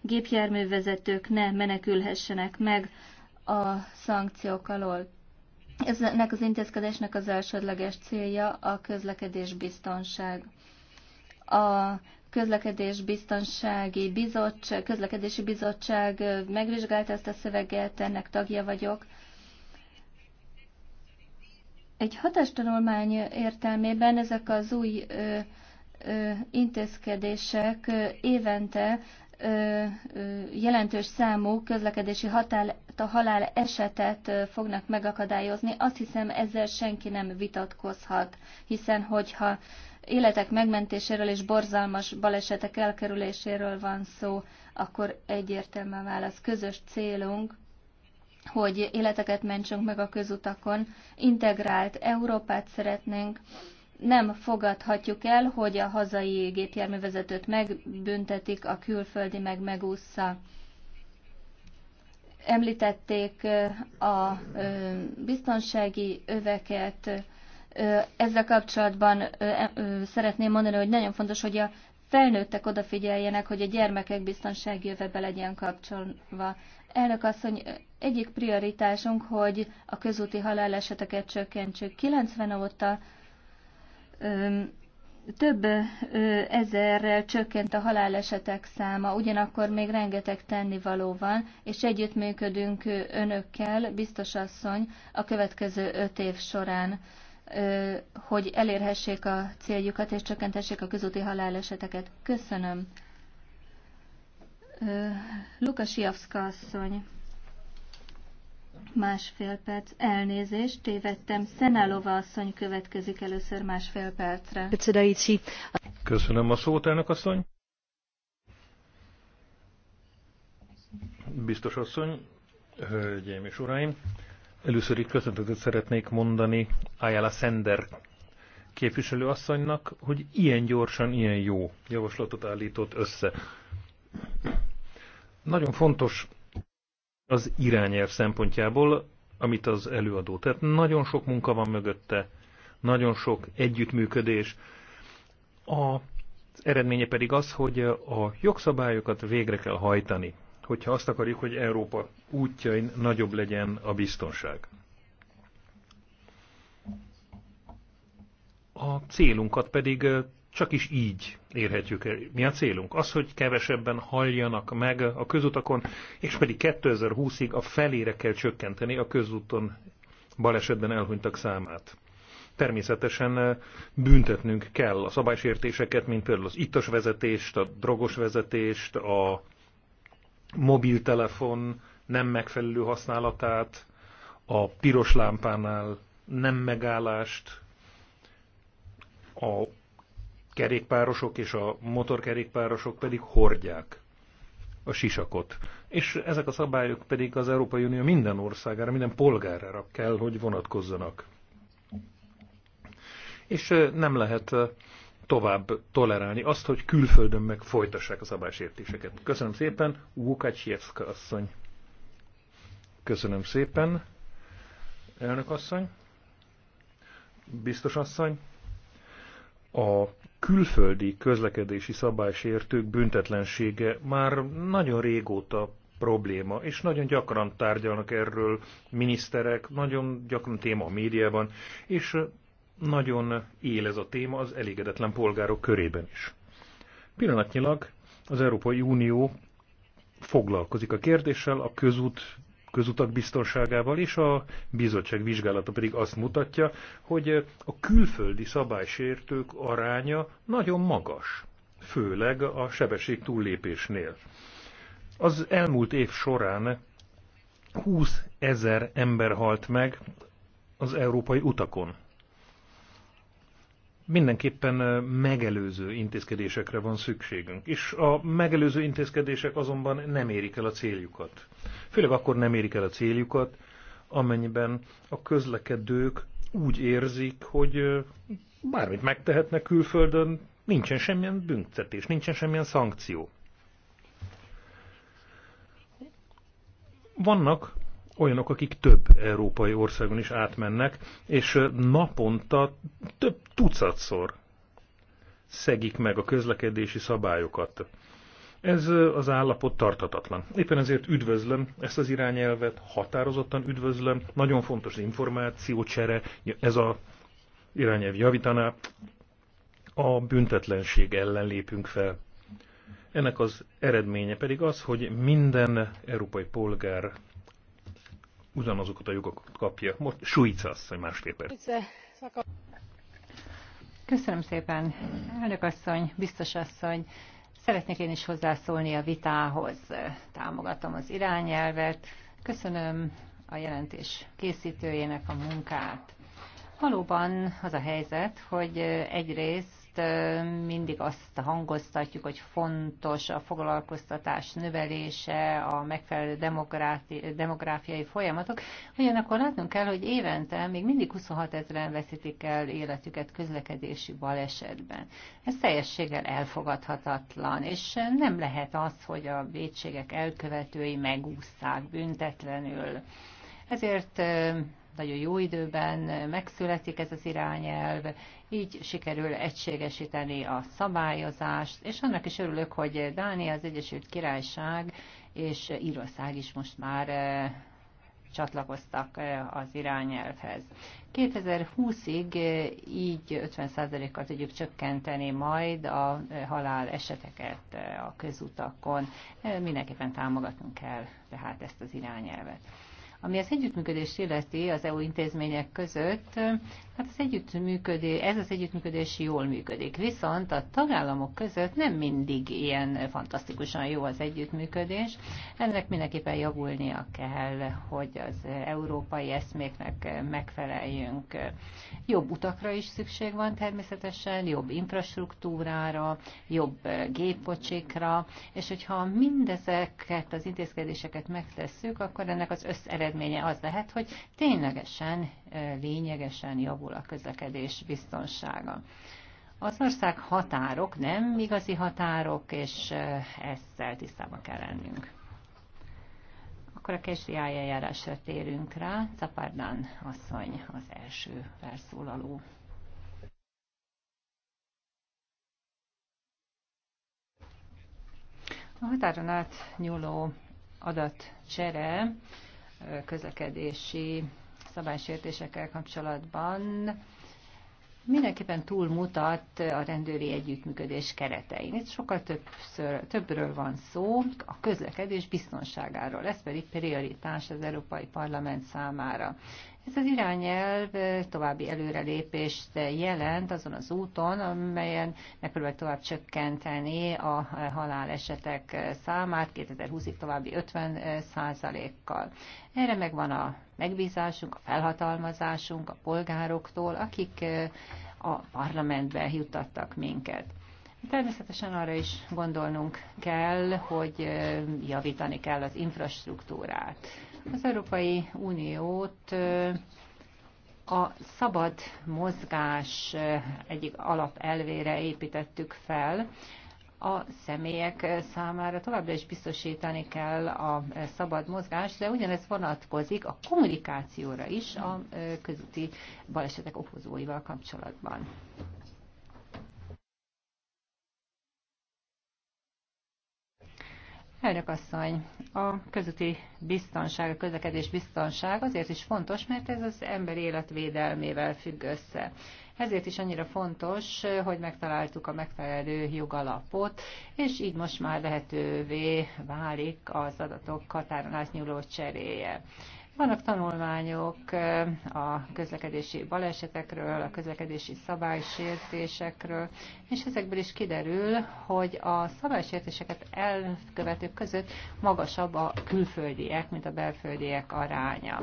gépjárművezetők ne menekülhessenek meg a szankciók alól. Ennek az intézkedésnek az elsődleges célja a közlekedés biztonság. A közlekedés biztonsági bizottság, közlekedési bizottság megvizsgálta ezt a szöveget, ennek tagja vagyok, egy hatás tanulmány értelmében ezek az új ö, ö, intézkedések ö, évente ö, ö, jelentős számú közlekedési hatál, a halál esetet ö, fognak megakadályozni. Azt hiszem ezzel senki nem vitatkozhat, hiszen hogyha életek megmentéséről és borzalmas balesetek elkerüléséről van szó, akkor egyértelmű válasz. Közös célunk hogy életeket mentsünk meg a közutakon. Integrált Európát szeretnénk. Nem fogadhatjuk el, hogy a hazai gépjárművezetőt megbüntetik, a külföldi meg megúszza. Említették a biztonsági öveket. Ezzel kapcsolatban szeretném mondani, hogy nagyon fontos, hogy a felnőttek odafigyeljenek, hogy a gyermekek biztonsági jövebe legyen kapcsolva. Elnök asszony, egyik prioritásunk, hogy a közúti haláleseteket csökkentsük. 90 óta öm, több ezerrel csökkent a halálesetek száma, ugyanakkor még rengeteg tennivaló van, és együttműködünk önökkel, biztos asszony, a következő öt év során, hogy elérhessék a céljukat és csökkentessék a közúti haláleseteket. Köszönöm. Javszka asszony. Másfél perc. Elnézést, tévedtem. Szenálova asszony következik először másfél percre. Köszönöm a szót, elnök asszony. Biztos asszony, hölgyeim és uraim. Először is köszöntetet szeretnék mondani Ayala Sender képviselőasszonynak, hogy ilyen gyorsan, ilyen jó javaslatot állított össze. Nagyon fontos az irányelv szempontjából, amit az előadó. Tehát nagyon sok munka van mögötte, nagyon sok együttműködés. A eredménye pedig az, hogy a jogszabályokat végre kell hajtani, hogyha azt akarjuk, hogy Európa útjain nagyobb legyen a biztonság. A célunkat pedig csak is így érhetjük el. Mi a célunk? Az, hogy kevesebben halljanak meg a közutakon, és pedig 2020-ig a felére kell csökkenteni a közúton balesetben elhunytak számát. Természetesen eh, büntetnünk kell a szabálysértéseket, mint például az ittas vezetést, a drogos vezetést, a mobiltelefon nem megfelelő használatát, a piros lámpánál nem megállást, a kerékpárosok és a motorkerékpárosok pedig hordják a sisakot. És ezek a szabályok pedig az Európai Unió minden országára, minden polgárára kell, hogy vonatkozzanak. És nem lehet tovább tolerálni azt, hogy külföldön meg folytassák a szabálysértéseket. Köszönöm szépen, Vukacsjevszka asszony. Köszönöm szépen, elnök asszony, biztos asszony. A külföldi közlekedési szabálysértők büntetlensége már nagyon régóta probléma, és nagyon gyakran tárgyalnak erről miniszterek, nagyon gyakran téma a médiában, és nagyon él ez a téma az elégedetlen polgárok körében is. Pillanatnyilag az Európai Unió foglalkozik a kérdéssel, a közút közutak biztonságával, és a bizottság vizsgálata pedig azt mutatja, hogy a külföldi szabálysértők aránya nagyon magas, főleg a sebesség túllépésnél. Az elmúlt év során 20 ezer ember halt meg az európai utakon mindenképpen megelőző intézkedésekre van szükségünk, és a megelőző intézkedések azonban nem érik el a céljukat. Főleg akkor nem érik el a céljukat, amennyiben a közlekedők úgy érzik, hogy bármit megtehetnek külföldön, nincsen semmilyen büntetés, nincsen semmilyen szankció. Vannak olyanok, akik több európai országon is átmennek, és naponta több tucatszor szegik meg a közlekedési szabályokat. Ez az állapot tartatatlan. Éppen ezért üdvözlöm ezt az irányelvet, határozottan üdvözlöm, nagyon fontos az információcsere, ez a irányelv javítaná, a büntetlenség ellen lépünk fel. Ennek az eredménye pedig az, hogy minden európai polgár ugyanazokat a jogokat kapja. Most Suica asszony másfél perc. Köszönöm szépen, elnök asszony, biztos asszony. Szeretnék én is hozzászólni a vitához. Támogatom az irányelvet. Köszönöm a jelentés készítőjének a munkát. Valóban az a helyzet, hogy egyrészt azért mindig azt hangoztatjuk, hogy fontos a foglalkoztatás növelése, a megfelelő demográfiai folyamatok. Ugyanakkor látnunk kell, hogy évente még mindig 26 ezeren veszítik el életüket közlekedési balesetben. Ez teljességgel elfogadhatatlan, és nem lehet az, hogy a védségek elkövetői megúszták büntetlenül. Ezért nagyon jó időben megszületik ez az irányelv, így sikerül egységesíteni a szabályozást, és annak is örülök, hogy Dánia, az Egyesült Királyság és Írország is most már eh, csatlakoztak eh, az irányelvhez. 2020-ig eh, így 50%-kal tudjuk csökkenteni majd a halál eseteket a közutakon. Mindenképpen támogatnunk kell tehát ezt az irányelvet. Ami az együttműködést illeti az EU intézmények között, hát az együttműködés, ez az együttműködés jól működik. Viszont a tagállamok között nem mindig ilyen fantasztikusan jó az együttműködés. Ennek mindenképpen javulnia kell, hogy az európai eszméknek megfeleljünk. Jobb utakra is szükség van természetesen, jobb infrastruktúrára, jobb gépkocsikra, és hogyha mindezeket az intézkedéseket megtesszük, akkor ennek az összeredmény eredménye az lehet, hogy ténylegesen, lényegesen javul a közlekedés biztonsága. Az ország határok nem igazi határok, és ezzel tisztában kell lennünk. Akkor a kesri eljárásra térünk rá. Capárdán asszony az első felszólaló. A határon át nyúló adatcsere közlekedési szabálysértésekkel kapcsolatban mindenképpen túlmutat a rendőri együttműködés keretein. Itt sokkal többször, többről van szó, a közlekedés biztonságáról. Ez pedig prioritás az Európai Parlament számára. Ez az irányelv további előrelépést jelent azon az úton, amelyen megpróbál tovább csökkenteni a halálesetek számát 2020-ig további 50 százalékkal. Erre megvan a megbízásunk, a felhatalmazásunk a polgároktól, akik a parlamentbe juttattak minket. Természetesen arra is gondolnunk kell, hogy javítani kell az infrastruktúrát az Európai Uniót a szabad mozgás egyik alapelvére építettük fel, a személyek számára továbbra is biztosítani kell a szabad mozgást, de ugyanez vonatkozik a kommunikációra is a közúti balesetek okozóival kapcsolatban. Elnök asszony, a közúti biztonság, a közlekedés biztonság azért is fontos, mert ez az ember életvédelmével függ össze. Ezért is annyira fontos, hogy megtaláltuk a megfelelő jogalapot, és így most már lehetővé válik az adatok határon átnyúló cseréje. Vannak tanulmányok a közlekedési balesetekről, a közlekedési szabálysértésekről, és ezekből is kiderül, hogy a szabálysértéseket elkövetők között magasabb a külföldiek, mint a belföldiek aránya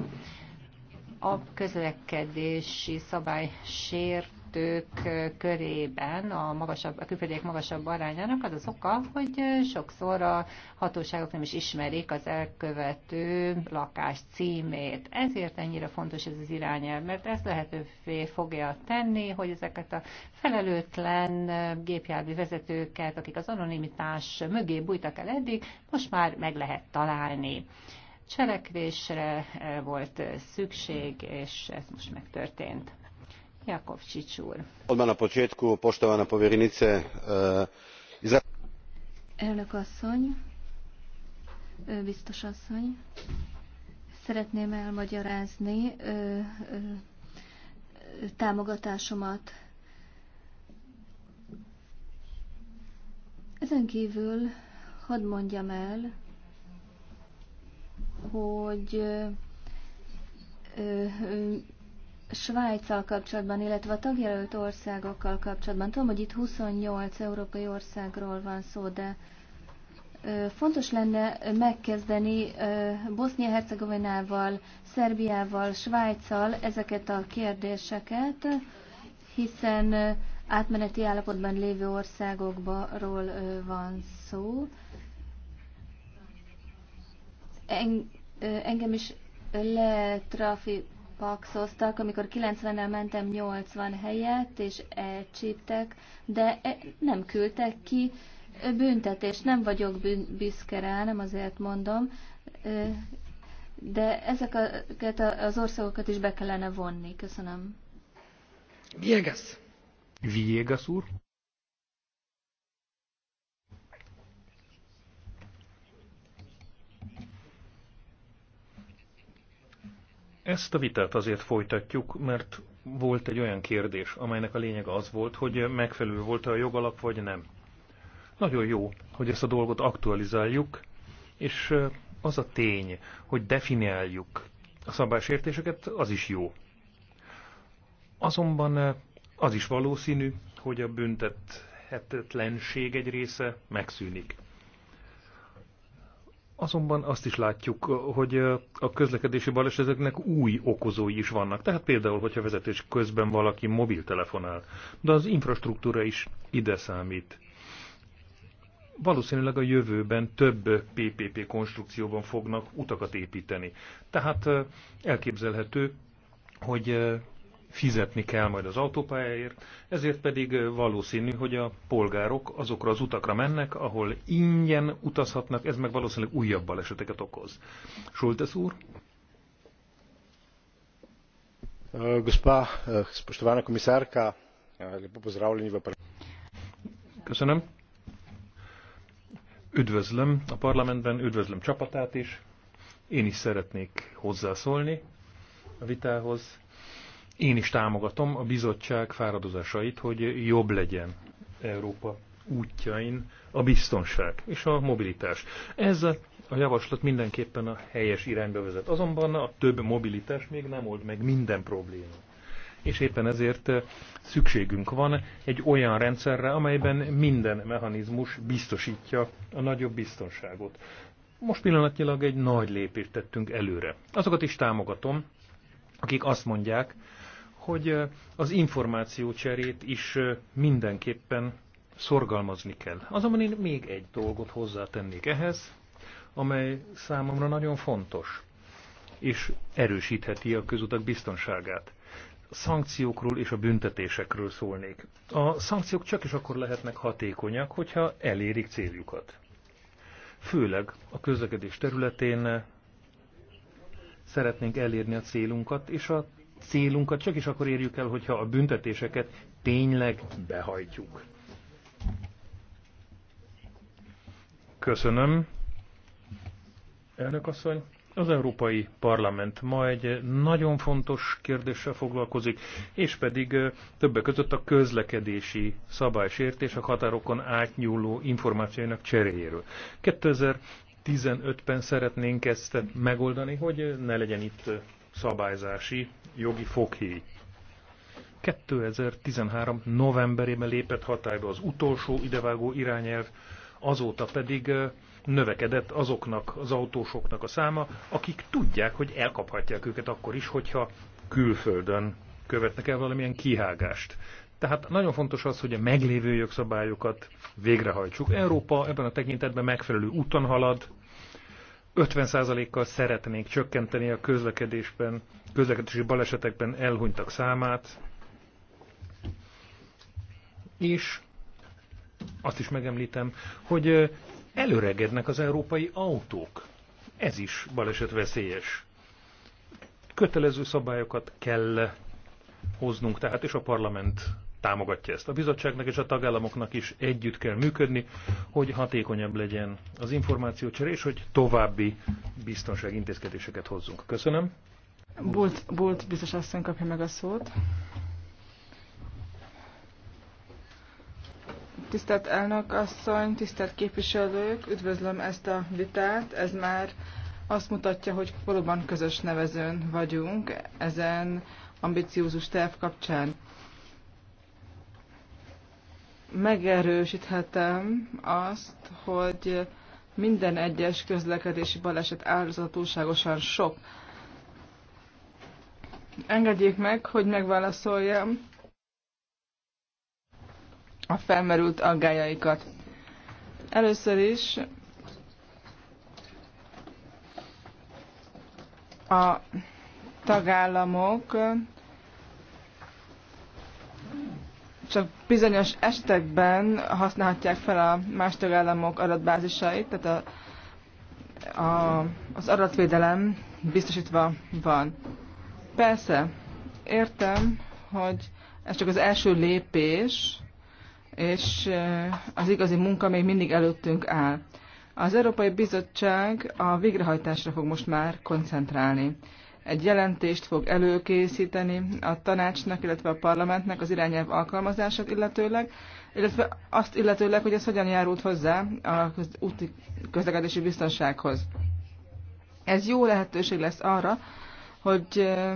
a közlekedési szabálysért befektetők körében a, magasabb, a külföldiek magasabb arányának az az oka, hogy sokszor a hatóságok nem is ismerik az elkövető lakás címét. Ezért ennyire fontos ez az irányelv, mert ezt lehetővé fogja tenni, hogy ezeket a felelőtlen gépjármű vezetőket, akik az anonimitás mögé bújtak el eddig, most már meg lehet találni cselekvésre volt szükség, és ez most megtörtént. Odmah na početku, poštovana povjerenice, e, Elnök asszony, e, biztos asszony, szeretném elmagyarázni e, támogatásomat. Ezen kívül hadd mondjam el, hogy Svájccal kapcsolatban, illetve a tagjelölt országokkal kapcsolatban. Tudom, hogy itt 28 európai országról van szó, de fontos lenne megkezdeni Bosznia-Hercegovinával, Szerbiával, Svájccal ezeket a kérdéseket, hiszen átmeneti állapotban lévő országokról van szó. engem is letrafi paxoztak, amikor 90-nel mentem 80 helyet, és elcsíptek, de e, nem küldtek ki büntetést. Nem vagyok büszke rá, nem azért mondom, de ezeket az országokat is be kellene vonni. Köszönöm. Viegas. Viegas úr? Ezt a vitát azért folytatjuk, mert volt egy olyan kérdés, amelynek a lényege az volt, hogy megfelelő volt-e a jogalap, vagy nem. Nagyon jó, hogy ezt a dolgot aktualizáljuk, és az a tény, hogy definiáljuk a szabásértéseket, az is jó. Azonban az is valószínű, hogy a büntethetetlenség egy része megszűnik. Azonban azt is látjuk, hogy a közlekedési baleseteknek új okozói is vannak. Tehát például, hogyha vezetés közben valaki mobiltelefonál. De az infrastruktúra is ide számít. Valószínűleg a jövőben több PPP konstrukcióban fognak utakat építeni. Tehát elképzelhető, hogy fizetni kell majd az autópályáért, ezért pedig valószínű, hogy a polgárok azokra az utakra mennek, ahol ingyen utazhatnak, ez meg valószínűleg újabb baleseteket okoz. Schultes úr? Gospa, spoštovana komisárka, lepo pozdravljeni v Köszönöm. Üdvözlöm a parlamentben, üdvözlöm csapatát is. Én is szeretnék hozzászólni a vitához én is támogatom a bizottság fáradozásait, hogy jobb legyen Európa útjain a biztonság és a mobilitás. Ez a javaslat mindenképpen a helyes irányba vezet. Azonban a több mobilitás még nem old meg minden problémát. És éppen ezért szükségünk van egy olyan rendszerre, amelyben minden mechanizmus biztosítja a nagyobb biztonságot. Most pillanatnyilag egy nagy lépést tettünk előre. Azokat is támogatom, akik azt mondják, hogy az információcserét is mindenképpen szorgalmazni kell. Azonban én még egy dolgot hozzátennék ehhez, amely számomra nagyon fontos, és erősítheti a közutak biztonságát. A szankciókról és a büntetésekről szólnék. A szankciók csak is akkor lehetnek hatékonyak, hogyha elérik céljukat. Főleg a közlekedés területén szeretnénk elérni a célunkat, és a célunkat csak is akkor érjük el, hogyha a büntetéseket tényleg behajtjuk. Köszönöm. Elnök asszony, az Európai Parlament ma egy nagyon fontos kérdéssel foglalkozik, és pedig többek között a közlekedési szabálysértés a határokon átnyúló információinak cseréjéről. 2015-ben szeretnénk ezt megoldani, hogy ne legyen itt szabályzási jogi fokhéj. 2013. novemberében lépett hatályba az utolsó idevágó irányelv, azóta pedig növekedett azoknak az autósoknak a száma, akik tudják, hogy elkaphatják őket akkor is, hogyha külföldön követnek el valamilyen kihágást. Tehát nagyon fontos az, hogy a meglévő jogszabályokat végrehajtsuk. Európa ebben a tekintetben megfelelő úton halad, 50%-kal szeretnénk csökkenteni a közlekedésben, közlekedési balesetekben elhunytak számát, és azt is megemlítem, hogy előregednek az európai autók. Ez is balesetveszélyes. Kötelező szabályokat kell hoznunk, tehát és a parlament támogatja ezt. A bizottságnak és a tagállamoknak is együtt kell működni, hogy hatékonyabb legyen az információcsere, és hogy további biztonsági intézkedéseket hozzunk. Köszönöm. Bult, Bult biztos asszony kapja meg a szót. Tisztelt elnök asszony, tisztelt képviselők, üdvözlöm ezt a vitát. Ez már azt mutatja, hogy valóban közös nevezőn vagyunk ezen ambiciózus terv kapcsán megerősíthetem azt, hogy minden egyes közlekedési baleset áldozatúságosan sok. Engedjék meg, hogy megválaszoljam a felmerült aggájaikat. Először is a tagállamok csak bizonyos esetekben használhatják fel a más tagállamok adatbázisait, tehát a, a, az adatvédelem biztosítva van. Persze, értem, hogy ez csak az első lépés, és eh, az igazi munka még mindig előttünk áll. Az Európai Bizottság a végrehajtásra fog most már koncentrálni egy jelentést fog előkészíteni a tanácsnak, illetve a parlamentnek az irányelv alkalmazását illetőleg, illetve azt illetőleg, hogy ez hogyan járult hozzá a úti közlekedési biztonsághoz. Ez jó lehetőség lesz arra, hogy eh,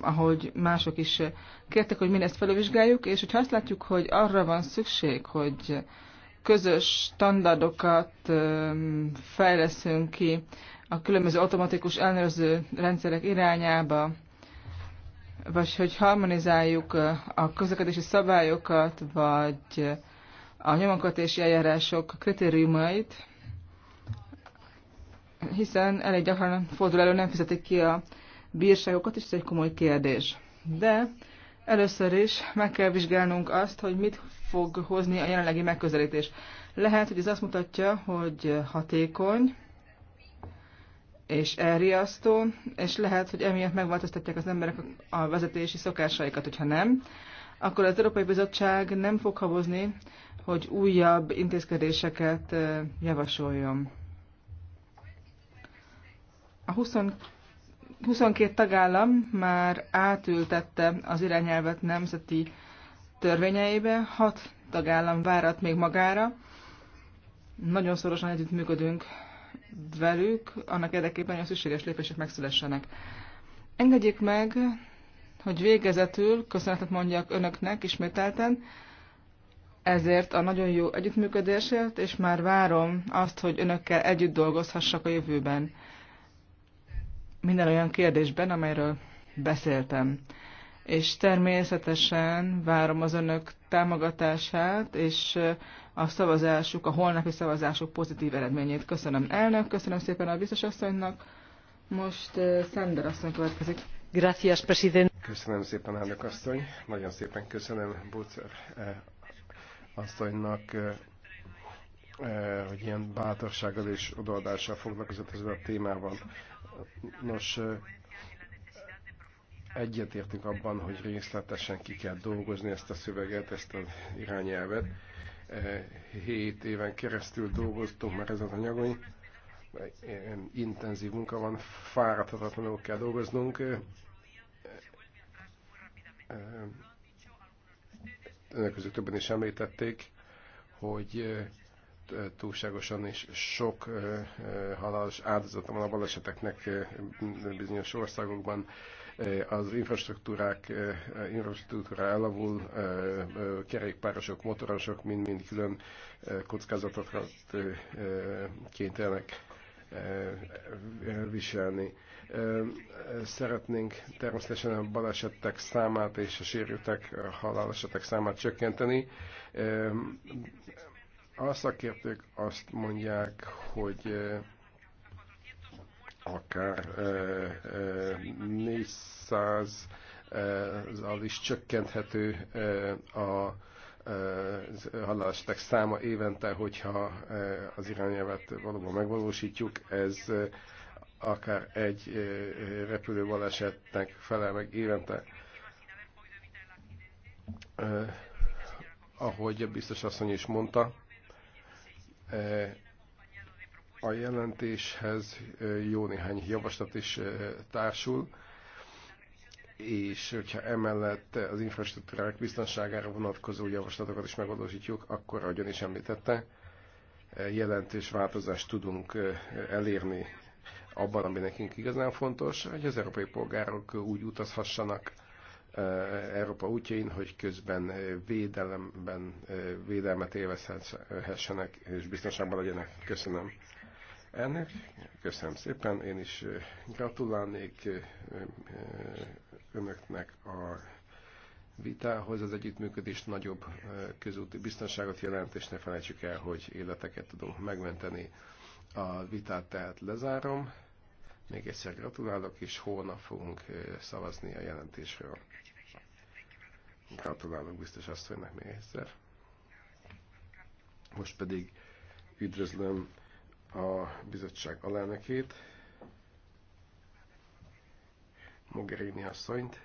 ahogy mások is kértek, hogy mindezt felvizsgáljuk, és hogyha azt látjuk, hogy arra van szükség, hogy közös standardokat eh, fejleszünk ki a különböző automatikus ellenőrző rendszerek irányába, vagy hogy harmonizáljuk a közlekedési szabályokat, vagy a nyomonkötési eljárások kritériumait, hiszen elég gyakran fordul elő, nem fizetik ki a bírságokat, és ez egy komoly kérdés. De először is meg kell vizsgálnunk azt, hogy mit fog hozni a jelenlegi megközelítés. Lehet, hogy ez azt mutatja, hogy hatékony, és elriasztó, és lehet, hogy emiatt megváltoztatják az emberek a vezetési szokásaikat, hogyha nem, akkor az Európai Bizottság nem fog havozni, hogy újabb intézkedéseket javasoljon. A 20, 22 tagállam már átültette az irányelvet nemzeti törvényeibe, 6 tagállam várat még magára. Nagyon szorosan együttműködünk velük, annak érdekében, hogy a szükséges lépések megszülessenek. Engedjék meg, hogy végezetül köszönetet mondjak önöknek ismételten, ezért a nagyon jó együttműködésért, és már várom azt, hogy önökkel együtt dolgozhassak a jövőben. Minden olyan kérdésben, amelyről beszéltem. És természetesen várom az önök támogatását, és a szavazásuk, a holnapi szavazásuk pozitív eredményét. Köszönöm elnök, köszönöm szépen a biztos asszonynak. Most Szender asszony következik. Gracias, president. Köszönöm szépen, elnök asszony. Nagyon szépen köszönöm Bucer asszonynak, hogy ilyen bátorsággal és odaadással foglalkozott ezzel a témával. Nos, egyetértünk abban, hogy részletesen ki kell dolgozni ezt a szöveget, ezt az irányelvet Hét éven keresztül dolgoztunk már ezen az anyagon. Intenzív munka van, fáradhatatlanul kell dolgoznunk. Önök közül többen is említették, hogy túlságosan is sok halálos áldozata van a baleseteknek bizonyos országokban. Az infrastruktúrák, infrastruktúra elavul, kerékpárosok, motorosok mind-mind külön kockázatokat kénytelenek viselni Szeretnénk természetesen a balesetek számát és a sérültek, a halálesetek számát csökkenteni. A szakértők azt mondják, hogy akár 400 al is csökkenthető a halálesetek száma évente, hogyha az irányelvet valóban megvalósítjuk, ez akár egy repülő balesetnek felel meg évente. Ahogy biztos asszony is mondta, E, a jelentéshez e, jó néhány javaslat is e, társul, és hogyha emellett az infrastruktúrák biztonságára vonatkozó javaslatokat is megvalósítjuk, akkor, ahogyan is említette, jelentős változást tudunk elérni abban, ami nekünk igazán fontos, hogy az európai polgárok úgy utazhassanak, Európa útjain, hogy közben védelemben, védelmet élvezhessenek és biztonságban legyenek. Köszönöm. Ennek köszönöm szépen, én is gratulálnék önöknek a vitához, az együttműködés nagyobb közúti biztonságot jelent, és ne felejtsük el, hogy életeket tudunk megmenteni. A vitát tehát lezárom. Még egyszer gratulálok, és holnap fogunk szavazni a jelentésről. Gratulálok biztos asszonynak még egyszer. Most pedig üdvözlöm a bizottság alelnökét, Mogherini asszonyt.